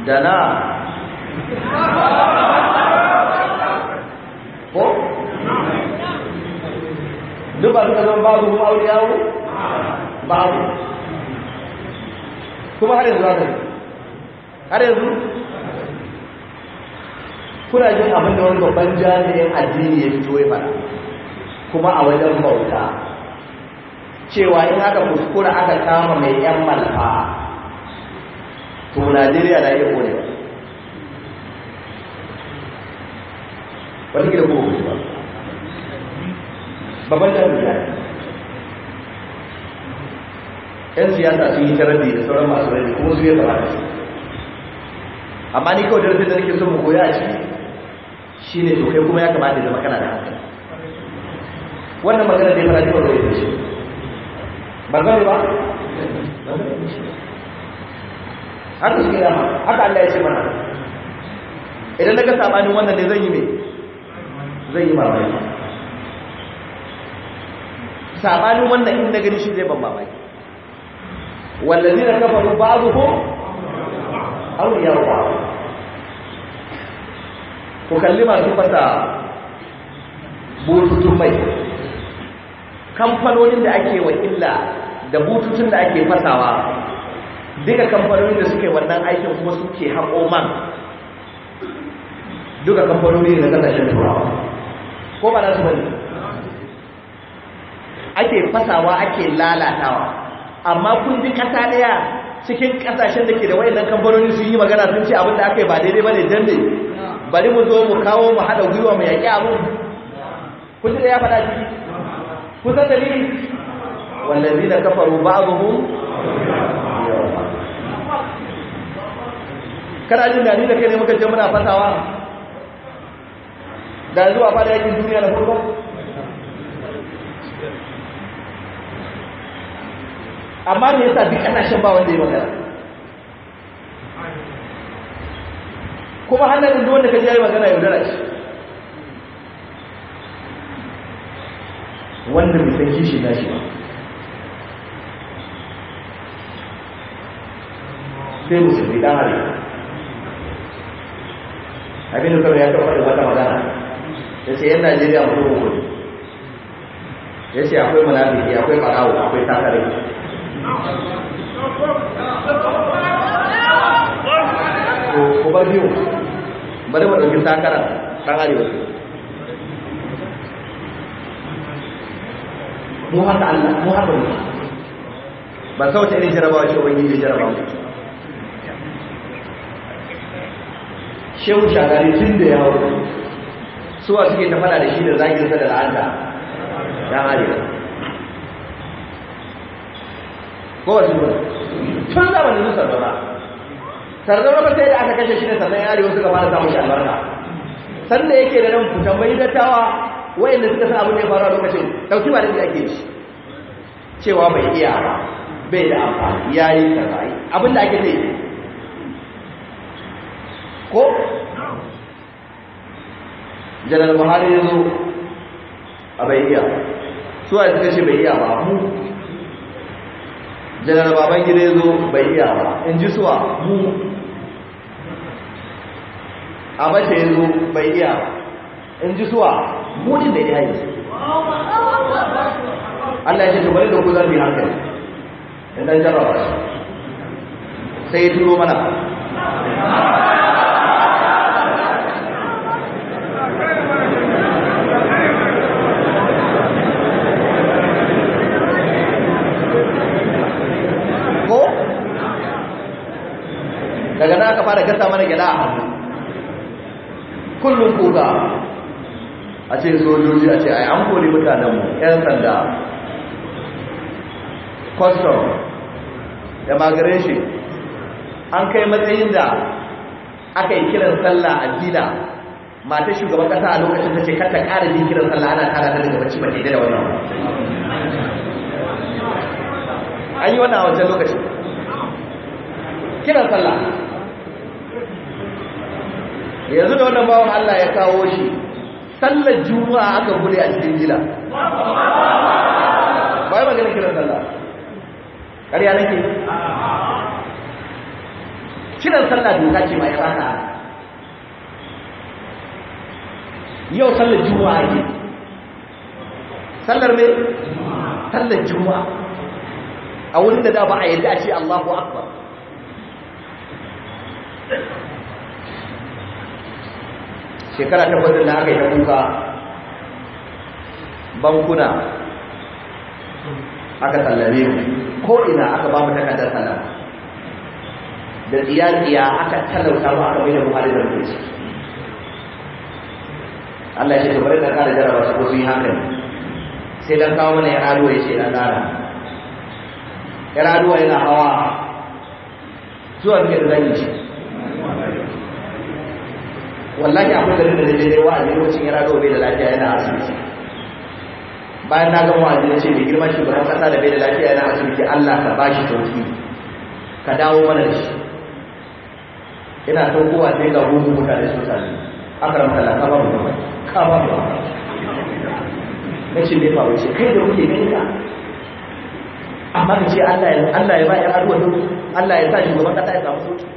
da na ko? duk ba suka zama babu kuma aure yawo? babu kuma har yanzu zai har yanzu kuna jin abin da wani babban jami'in addini ya fito ya fara kuma a wajen bauta cewa in aka kuskura aka kama mai yan malfa to najeriya na iya kone wani gida kuma ba babban da ya yan siyasa sun yi tarabi da sauran masu rai kuma su yi tsara amma ni kawai da da nake son mu koya shi shine to kai kuma ya kamata da makana da hankali wannan magana da ya fara jiwa bai shi ba zai ba har da suke yama haka Allah ya ce mana idan na ga sabanin wannan ne zai yi mai zai yi mamaki sabanin wannan in na gani shi zai ban mamaki wallazi na kafaru ba'du ko awliya ba ku kalli masu fata bututun mai kamfanonin da ake wa illa da bututun da ake fasawa duka kamfanonin da suke wannan aikin kuma suke haƙo man duka kamfanonin da kasashen turawa ko ba nasu bane ake fasawa ake lalatawa amma kun ji kasa daya cikin kasashen da ke da wayannan kamfanonin sun yi magana sun ce abin da aka yi ba daidai ba ne dan ne bari mu zo mu kawo mu haɗa gwiwa mu yaƙi abin kun ji da ya faɗa ciki kusa dalili wallazi da kafaru ba'dhum kana jin dani da kai ne muka je muna fasawa da zuwa fara yakin duniya da farko amma ne yasa duk ana shan ba wanda ya magana kuma hannun duk wanda ka je magana yaudara shi wanda bai san shi na shi ba sai musulmi dan hari abin da kawai ya taɓa da wata magana ya ce yan najeriya mutum hukuri ya ce akwai munafiki akwai barawo akwai takare ko ba biyu bari mu ɗauki takarar ɗan arewa mu haka Allah mu haka mu ba kawai ta irin jarabawa ce wani yi jarabawa shehu shagari tun da yawo suwa suke ta fada da shi da zagin sa da la'anta dan arewa ko wasu ba tun zamanin su sardauna sardauna ba sai da aka kashe shi ne sannan ya arewa suka fara samun shi albarka sanda yake da nan fitan bai dattawa wayanda suka san abin da ya faru a lokacin dauki ba da shi ake shi cewa bai iya ba bai da amfani yayi kaza abin da ake yi ko janar buhari ya zo a bai iya suwa suka ce bai iya ba mu janar baban gida ya zo bai iya ba in ji suwa mu abace ya zo bai iya ba in ji suwa mu da ya yi Allah ya ce to bari da ku zarbi hankali inda ya jarraba sai ya turo mana daga na aka fara gasa mana gyada a hannu kullum kuka a ce sojoji a ce a yi. an kori mutanenmu 'yan sanda custom da migration an kai matsayin da aka yi kiran sallah a gida mata shugaban kasa a lokacin ta ce kata ƙara jin kiran sallah ana tara da daga bacci ba daidai da wannan an yi wannan wajen wancan lokacin kiran sallah yanzu da wannan bawon Allah ya kawo shi sallar juma'a aka bude a cikin gila yi magana kiran sallah ƙarya nake kiran sallah doka ce mai rana yau sallar juma'a ne sallar ne sallar juma'a a wurin da da ba a yadda a ce Allahu akbar shekara ta kwadin na aka yi kuka bankuna aka tallare mu ko ina aka ba mu takardar sana da tsiya aka talauta ba aka bayyana da buhari da mutunci Allah ya ce bari na kara jaraba su ko sun yi hankali sai dan kawo mana ya raduwa ya ce dan kara ya raduwa yana hawa zuwa ke da zan yi wallahi akwai garin da zai zai wa'azi lokacin yana da da lafiya yana asibiti bayan na gama wa'azi na ce mai girma shugaban kasa da bai da lafiya yana asibiti Allah ka ba shi tauki ka dawo mana da shi yana saukowa zai ga gugu mutane su sami akaram kala ka ba mu gaba ka ba mu gaba na ce bai faru ce kai da muke gani ka amma ka ce Allah ya ba ya duk Allah ya sa shugaban kasa ya samu sauki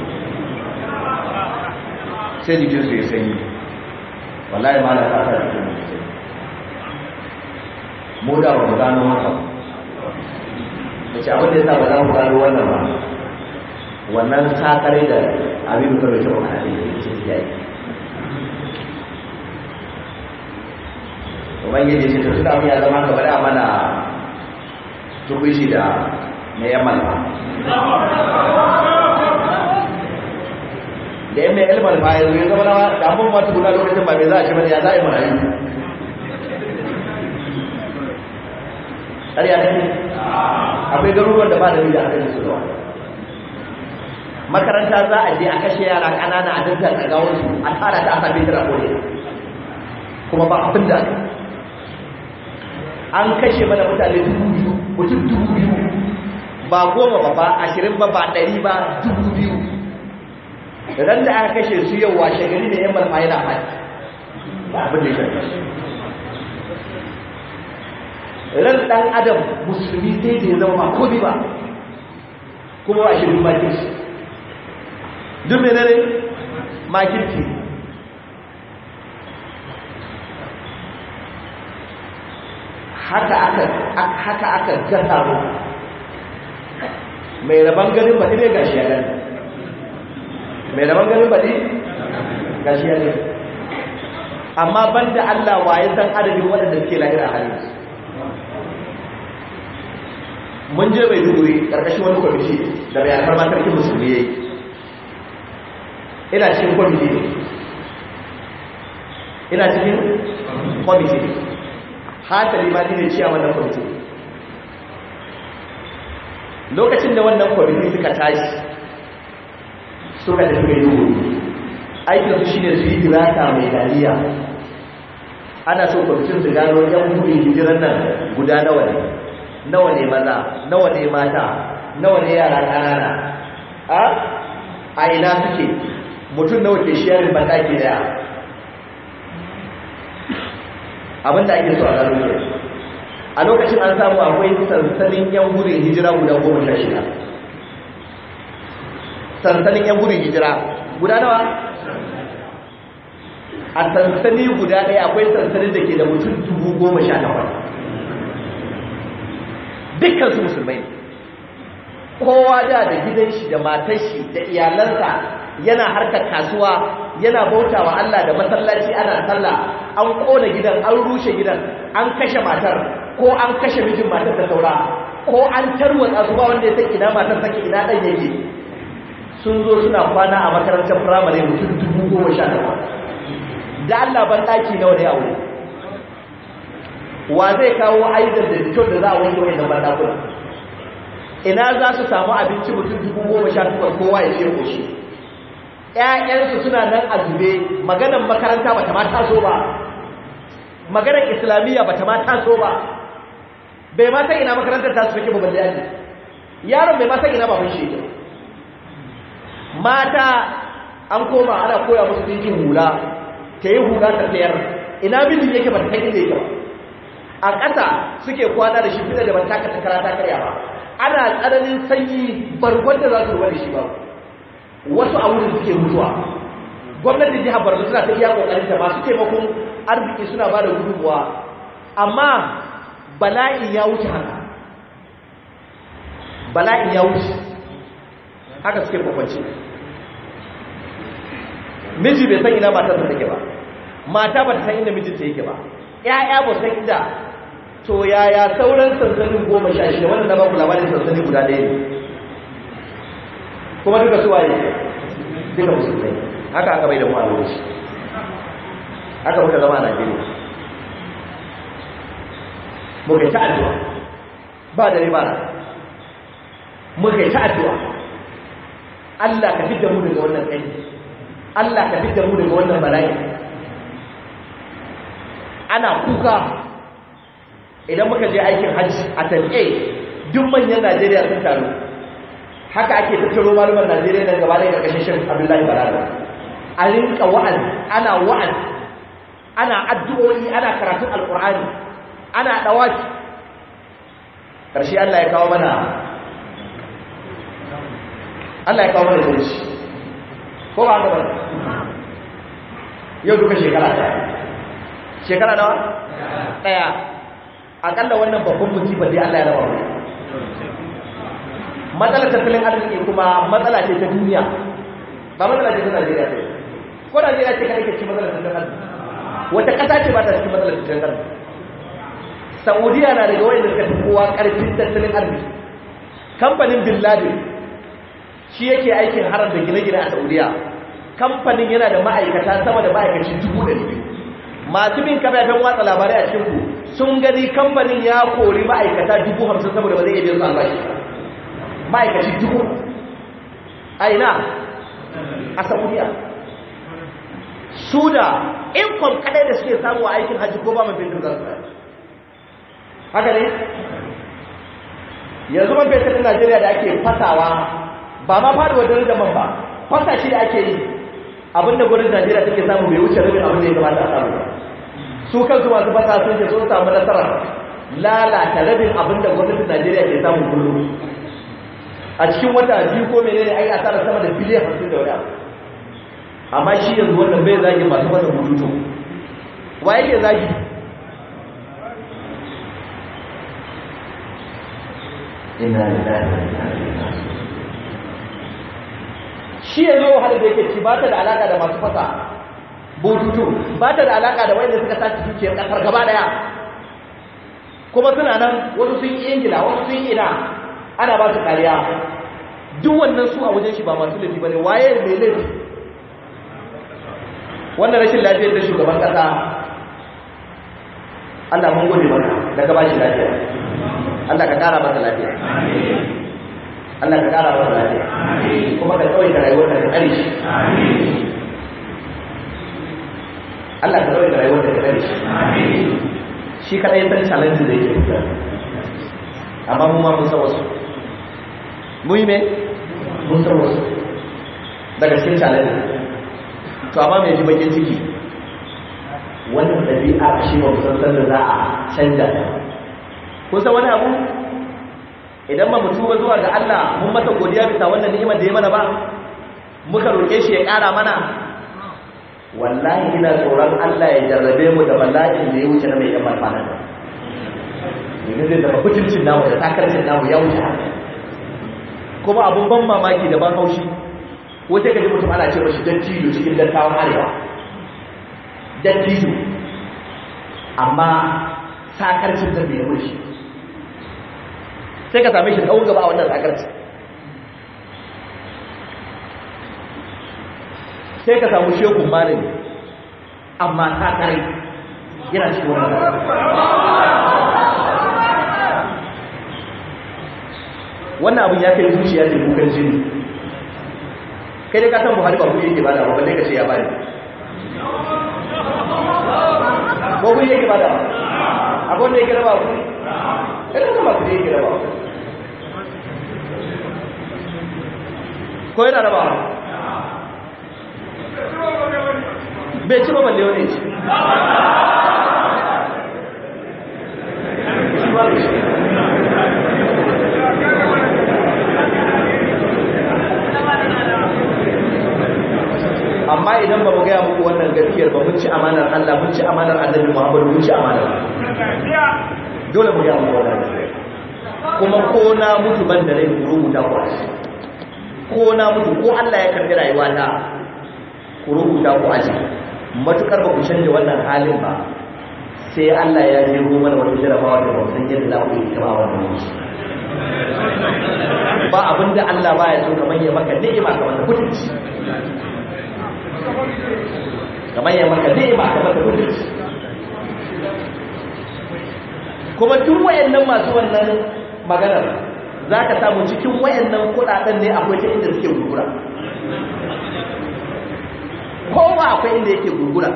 sai jikinsu ya sanyi wallahi ma da fata da jikin ya sanyi mu da ba mu gano haka da ce abin da ya sa ba za mu gano wannan ba wannan sakare da abin da kawai kyau a halin da ya yi ubangiji ce da suna ya zama ka bari mana tukushi da na yamma ba da yamma ilmar ba zuwa ya zama na damun masu guda lokacin ba mai za a ci bane ya za a yi marayu ƙarya ne akwai garuruwan da ba da miji a kan su zuwa makaranta za a je a kashe yara ƙanana a dinta a gawonsu a tara ta asa bitar a kone kuma ba abin da an kashe mana mutane dubu biyu mutum dubu biyu ba goma ba ba ashirin ba ba ɗari ba dubu biyu da da aka kashe su yau washe gari da yan malfa yana haji ba abin da ya shafi ran dan adam musulmi sai da ya zama ba ko ba kuma ba shirin makirci duk menene makirci haka aka haka aka gasa mai rabon ganin ba ne shi ya gani mai rabon ganin ne gashi ya ne amma ban da Allah wa ya san adadin waɗanda suke lahira a hannun mun je mai duguri ƙarƙashin wani kwamiti da mai ma sarkin musulmi ya yi ina cikin kwamiti ne ina cikin kwamiti ne hatali ma ne ciya wannan kwamiti lokacin da wannan kwamiti suka tashi suka tafi mai duhu aikin su ne su yi dirata mai dariya ana so kwamfin su gano yan buɗe hijiran nan guda nawa ne nawa ne maza nawa ne mata nawa ne yara ƙanana a ina suke mutum nawa ke shiyarin banda ke daya abinda ake so a gano a lokacin an samu akwai sansanin yan gudun hijira guda goma sha shida sansanin yan gudun hijira guda nawa a sansani guda ɗaya akwai sansanin da ke da mutum dubu goma sha nawa dukkan su musulmai kowa da da gidan shi da matar shi da iyalansa yana harkar kasuwa yana bautawa Allah da masallaci ana sallah an kona gidan an rushe gidan an kashe matar ko an kashe mijin matar da saura ko an tarwatsa su wanda ya san ina matar take ina dan yake sun zo suna kwana a makarantar firamare mutum dubu goma sha nawa da Allah ban ɗaki na wani yawo wa zai kawo aizar da kyau da za a wanke wa'in da ban ɗakuna ina za su samu abinci mutum dubu goma sha takwas kowa ya ce koshi? ƴaƴansu suna nan a zube maganar makaranta ta ma taso ba maganar islamiyya ta ma taso ba bai ma san ina makarantar ta su babban ba balle yaron bai ma san ina baban shi ne mata an koma ana koya musu dinkin hula ta yi hula ta tsayar ina bindin yake ba ta inda yake ba a ƙasa suke kwana da shi fina da ban taka kara ta karya ba ana tsananin sanyi bargon da za su ruwa da shi ba wasu a wurin suke mutuwa gwamnati jihar borno suna ta iya kokarin ta masu taimakon arziki suna ba da gudunmuwa amma bala'in ya wuce haka bala'in ya wuce haka suke kwakwanci miji bai san ina matarsa take ba mata ba ta san inda mijinta yake ba yaya ba san inda to yaya sauran sansanin goma sha shi wanda na baku labarin sansani guda ɗaya ne kuma duka suwa ne duka musulmai haka aka bai da mu a aka haka muka zama a najeriya muka yi ta addu'a ba da ribara muka yi ta addu'a Allah ka fidda mu daga wannan kai Allah ka fidda mu daga wannan bala'i ana kuka idan muka je aikin hajji a tanke duk manyan Najeriya sun taru haka ake tattaro malaman Najeriya daga bala'i daga shishin Abdullahi Balala a rinka wa'an, ana wa'an, ana addu'o'i ana karatun alqur'ani ana dawaki karshe Allah ya kawo mana Allah ya kawo da shi ko ba gaba yau duka shekara ɗaya shekara nawa ɗaya akalla wannan babban musibar dai Allah ya rawa mu matsalar tattalin arziki kuma matsala ce ta duniya ba matsala ce ta Najeriya ce ko Najeriya ce ka ke cikin matsalar tattalin arziki wata ƙasa ce ba ta cikin matsalar tattalin arziki Saudiya na daga da suka fi kowa ƙarfin tattalin arziki kamfanin Bin Laden shi yake aikin haramta da gine-gine a saudiya kamfanin yana da ma'aikata sama da ma'aikacin dubu da masu bin kafafen watsa labarai a cikinku sun gani kamfanin ya kori ma'aikata dubu hamsin saboda ba zai iya biyan su albashi Ma'aikacin dubu a ina a saudiya su da inkon kadai da suke samu a aikin hajji ko ba mafi dukkan su haka ne yanzu mafi fetur najeriya da ake fasawa ba ma faduwar darajar man ba fasa shi da ake yi abinda gurin najeriya take samu mai wuce rabin abin da ya da a samu su zuwa masu fasa sun ce sun samu nasara lalata rabin abin da gwamnatin najeriya ke samu kullum a cikin wata biyu ko menene a asara sama da biliyan hamsin da wuya amma shi yanzu wannan bai zagi masu fasa hututu wa yake zagi ina da ina shi yanzu wahala da yake ci ba ta da alaka da masu fasa bututu ba ta da alaka da wanda suka sace dukiyar kasar gaba daya kuma suna nan wasu sun yi ingila wasu sun yi ina ana ba su kariya duk wannan su a wajen shi ba masu laifi ne, waye mai laifi wannan rashin lafiyar da shugaban kasa Allah mun gode mana daga bashi lafiya Allah ka kara masa lafiya amin Allah ka kara wa lafiya kuma ka kawai da rayuwar ka kare shi Allah ka kawai da rayuwar da kare shi shi kadai tan challenge da yake da amma mu ma mun san wasu mu yi me mun san wasu daga cikin challenge to amma me ji bakin ciki wannan dabi'a shi ba musamman san za a canja ko kun san wani abu idan ba mu tuba zuwa ga Allah mun masa godiya bisa wannan ni'imar da ya mana ba muka roke shi ya ƙara mana wallahi ina tsoron Allah ya jarrabe mu da mallakin da ya wuce na mai yan da yanzu zai zama hukuncin namu da takarcin namu ya wuce kuma abun ban mamaki da ban haushi wata gaji mutum ana ce mashi dattijo cikin dattawan arewa dattijo amma sakarcin da bai wuce sai ka same shi kawun gaba a wannan sakarci sai ka samu shekun malami amma ta sakarai yana wani wannan abin ya kai zuciya ne kukan jini kai dai ka san buhari ba kuɗi yake bada ba balle ka ce ya bada ba kuɗi yake bada akwai wanda yake raba ku yana da masu da yake raba ko yana raba bai ci ba balle amma idan ba mu gaya muku wannan gaskiyar ba mun ci amanar Allah mun ci amanar Annabi Muhammad mun ci amanar dole mu yi alwala kuma ko na mutu ban da laifin ku rubuta ku aji ko na mutu ko Allah ya karbi rayuwa ta ku rubuta ku aji matukar ba ku canja wannan halin ba sai Allah ya je mana wata jarabawa da ba yadda za ku yi ta ba wannan ba abin da Allah ba ya so kamar ya maka ni'ima kamar da mutunci kamar ya maka ni'ima kamar da mutunci kuma duk wayannan masu wannan maganar za ka samu cikin wayannan kudaden ne akwai ta inda suke gurgura kowa akwai inda yake gurgura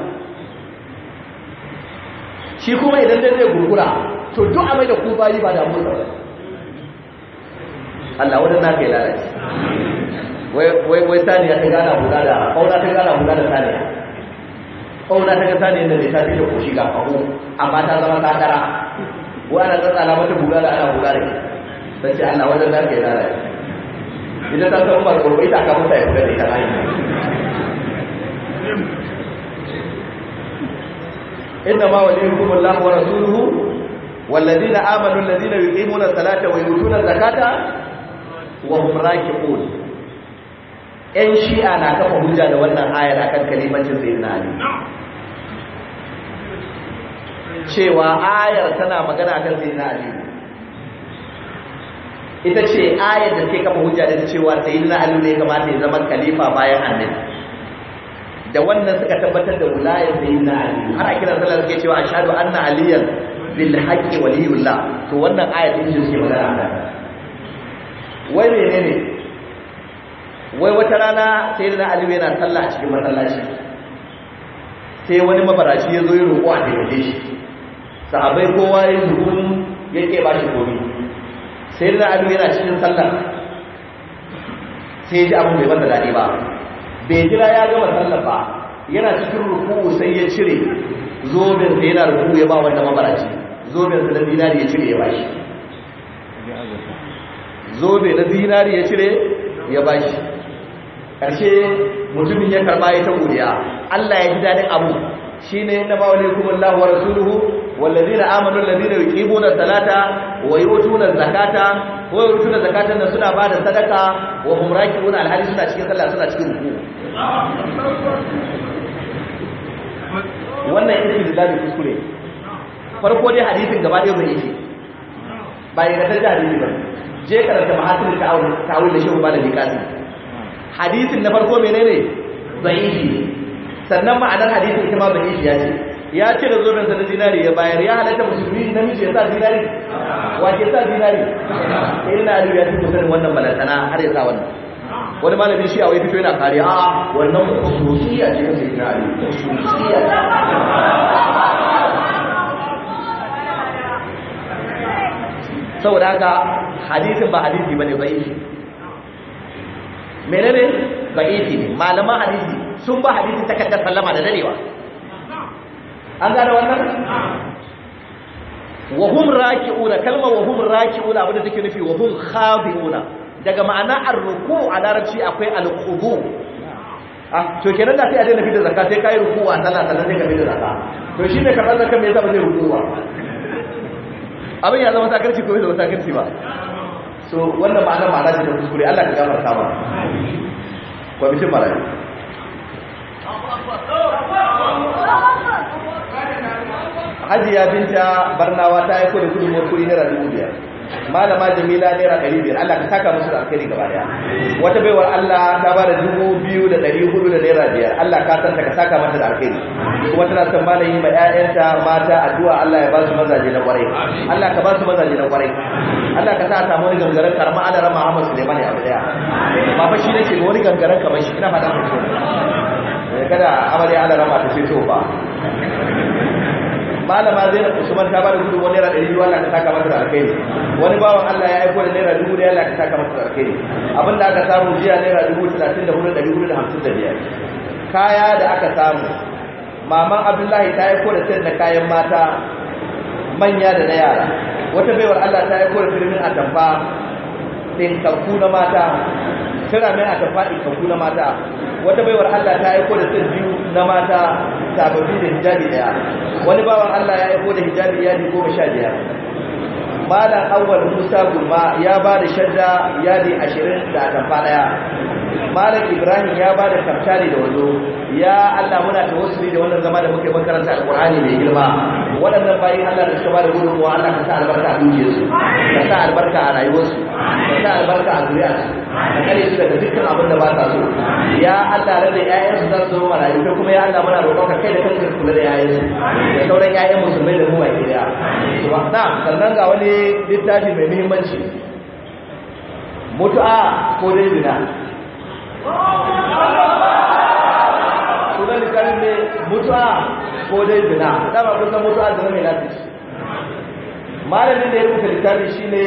shi kuma idan dai zai gurgura to duk a mai da ku bayi ba da mu Allah wadda na kai lalace wai wai saniya ta gana guda da ƙauna ta gana guda da saniya ƙauna ta ga saniya da ne ta fi da koshi ga fahu amma ta zama ta ko ana tsatsala mata buga da ana buga da ke sai ce Allah wajen da ke lalata idan ta san umar kurbai ta kafa ta yarda da ita layi inna ma waliyukum Allah wa rasuluhu والذين آمنوا الذين يقيمون الصلاة ويؤتون wa وهم راكعون ‘yan shi'a na kafa hujja da wannan ayar akan kalimatin sayyidina Ali. cewa ayar tana magana akan sai na ita ce ayar da ke kafa hujja da cewa yi na ali ne kamata ya zama kalifa bayan annabi da wannan suka tabbatar da da yi na har a kira sallar suke cewa a shaɗu ashhadu anna aliyan bil wa waliyullah to wannan ayar din ce suke magana akan wai ne, wai wata rana sai da na ali yana sallah a cikin masallaci sai wani mabarashi ya zo yi roƙo a taimake shi sahabai kowa ya zugun yake ba shi komi sai da abu yana cikin sallar sai ya ji abu bai banda daɗi ba bai jira ya gama sallar ba yana cikin ruku sai ya cire zobin sai yana ruku ya ba wanda mabaraci zobin sa na dinari ya cire ya ba shi zobe na dinari ya cire ya ba shi ƙarshe mutumin ya karɓa ya ta godiya Allah ya ji daɗin abu Shi shine inna ma waliyukum Allah wa rasuluhu wallazina amanu allazina yuqimuna salata wa yu'tuna zakata wa yu'tuna zakata nan suna bada sadaka wa hum raki'una alhali suna cikin sallah suna cikin ruku wannan ita ce da kuskure farko dai hadisin gaba ɗaya bai yi ba ya ga da hadisi ba je karanta mahasin ta'awul da shehu ba da bikasi hadisin na farko menene zaifi sannan ma'anar hadisi ita ma bane ya ce ya ce da zoben sa dinari ya bayar ya halatta musulmi namiji ya sa dinari wa ke sa dinari ina da ya ce kusurin wannan malatana har ya sa wannan wani malamin shi a wai fito yana kare a wannan kususiya ce ta ne kususiya saboda haka hadisin ba hadisi ne bai menene ba'ifi ne malama hadisi sun ba hadisi takardar sallama da dalewa. an gane wannan wa hum raki'una kalma wa hum raki'una abinda take nufi wa hum khadi'una daga ma'ana ar-ruku a larabci akwai al-qubu ah to kenan da sai a daina fitar zakka sai kai ruku'a a sallah sallah sai ka fitar zakka to shine ka sallah kan me yasa ba zai ruku'a ba abin ya zama sakarci ko bai zama sakarci ba so wannan ma'ana ma'ana ce ta kuskure Allah ka gafarta ba kwamitin marayu hajiya binta barnawa ta haifo da kudin kuɗi naira dubu biyar malama jamila naira ɗari biyar allah ka taka musu da alkhairi gaba daya wata baiwar allah ta ba da dubu biyu da ɗari hudu da naira biyar allah ka san ka taka mata da alkhairi kuma tana son malam yi ma ƴaƴanta mata addu'a allah ya ba su mazaje na ƙwarai. allah ka ba su mazaje na ƙwarai. allah ka sa a samu wani gangaren karama ana rama ahmad suleiman ya abu daya ba fa shi nake wani gangaren kamar shi ina faɗa ku eh, kada amarya ana rama ta ce to ba malama zainab usman ta bada gudu wani naira yi wani ta saka da alkai wani bawan Allah ya aiko da naira dubu ɗaya Allah ta kamar mata da alkai abin da aka samu jiya naira dubu talatin da hudu da hudu da hamsin da biyar kaya da aka samu maman abdullahi ta aiko da sayar da kayan mata manya da na yara wata baiwar Allah ta aiko da firmin atamfa ɗin na mata shara mai aka faɗi kanku na mata wata baiwar Allah ta aiko da sun biyu na mata sababbi da hijabi daya wani bawan Allah ya aiko da hijabi ya ji goma sha biyar malam awal musa gurma ya ba da shadda yadi ashirin da atamfa daya malam ibrahim ya ba da kaftari da wazo ya allah muna tawassuli da wannan zama da muke makaranta alqur'ani mai girma waɗannan bayin allah da suka ba da gudunmuwa allah ka sa albarka a su ka sa albarka a rayuwarsu ka sa albarka a su ka kare su daga dukkan abin da ba sa so ya allah rabe ƴaƴansu su su zo marayu ko kuma ya allah muna roƙon ka kai da kanka kula da su, da sauran ƴaƴan musulmai da mu baki daya sannan ga wani littafi mai muhimmanci mutu'a ko dai zina sunan littafin ne mutu'a ko dai zina dama kusan mutu'a zina mai lafi malamin da ya rubuta littafi shine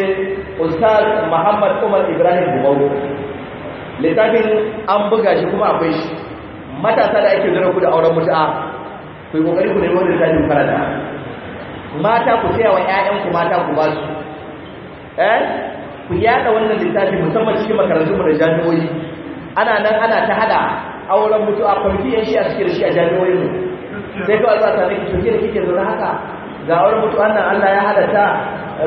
ustaz muhammad umar ibrahim bumaru littafin an buga shi kuma akwai shi matasa da ake zira ku da auren mutu'a ku yi kokari ku nemi wani littafin karanta mata ku taya wa ƴaƴanku mata ku ba su eh ku yada wannan littafi musamman cikin makarantu mu da jami'o'i ana nan ana ta hada auren mutuwa kwamfiyar shi a cikin da shi a jami'o'i sai ka za ta ne ki ke da haka ga auren mutu nan Allah ya halatta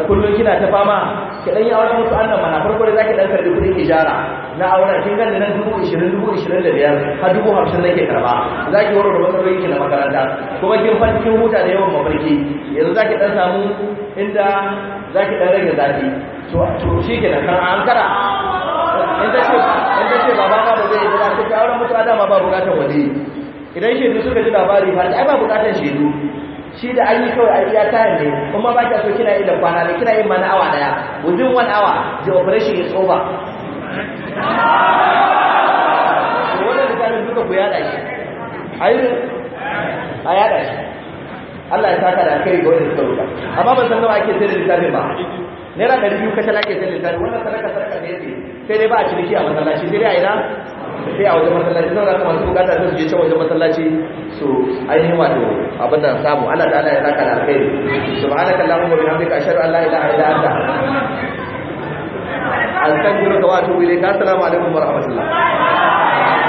kullum kina ta fama ki dan yi auren musu Allah mana farko da zaki dan karbi kudin ijara na auren kin gani nan dubu ishirin dubu ishirin da biyar har dubu hamsin nake karba zaki warware matsalolin ki na makaranta kuma kin fa kin huta da yawan mafarki yanzu zaki dan samu inda zaki dan rage zafi to to shikenan kan an kara in ta ce inda ce baba ba zai yi da ta auren mutu adama ba bukatar waje idan shedu suka ji labari fa ai ba bukatar shedu shi da an yi kawai a iya tayin ne kuma ba ka so kina yin da kwana ne kina yin mana awa daya within one hour the operation is over wannan misalin duka ku yada shi a yi a yada shi Allah ya saka da kai gode wani sauka amma ban san nawa ake sayar da lissafin ba naira ɗari biyu kashe ake sayar da lissafin wannan sadaka sadaka ne sai dai ba a ciniki a masallaci sai dai a ina sai a wajen masallaci sau da masu bukata sun je can wajen masallaci su ainihin wato abin da samu Allah ta Allah ya zaka da Su alkhairi subhanaka allahumma wa bihamdika ashhadu an la ilaha illa anta astaghfiruka wa atubu ilayk salamu alaikum wa rahmatullah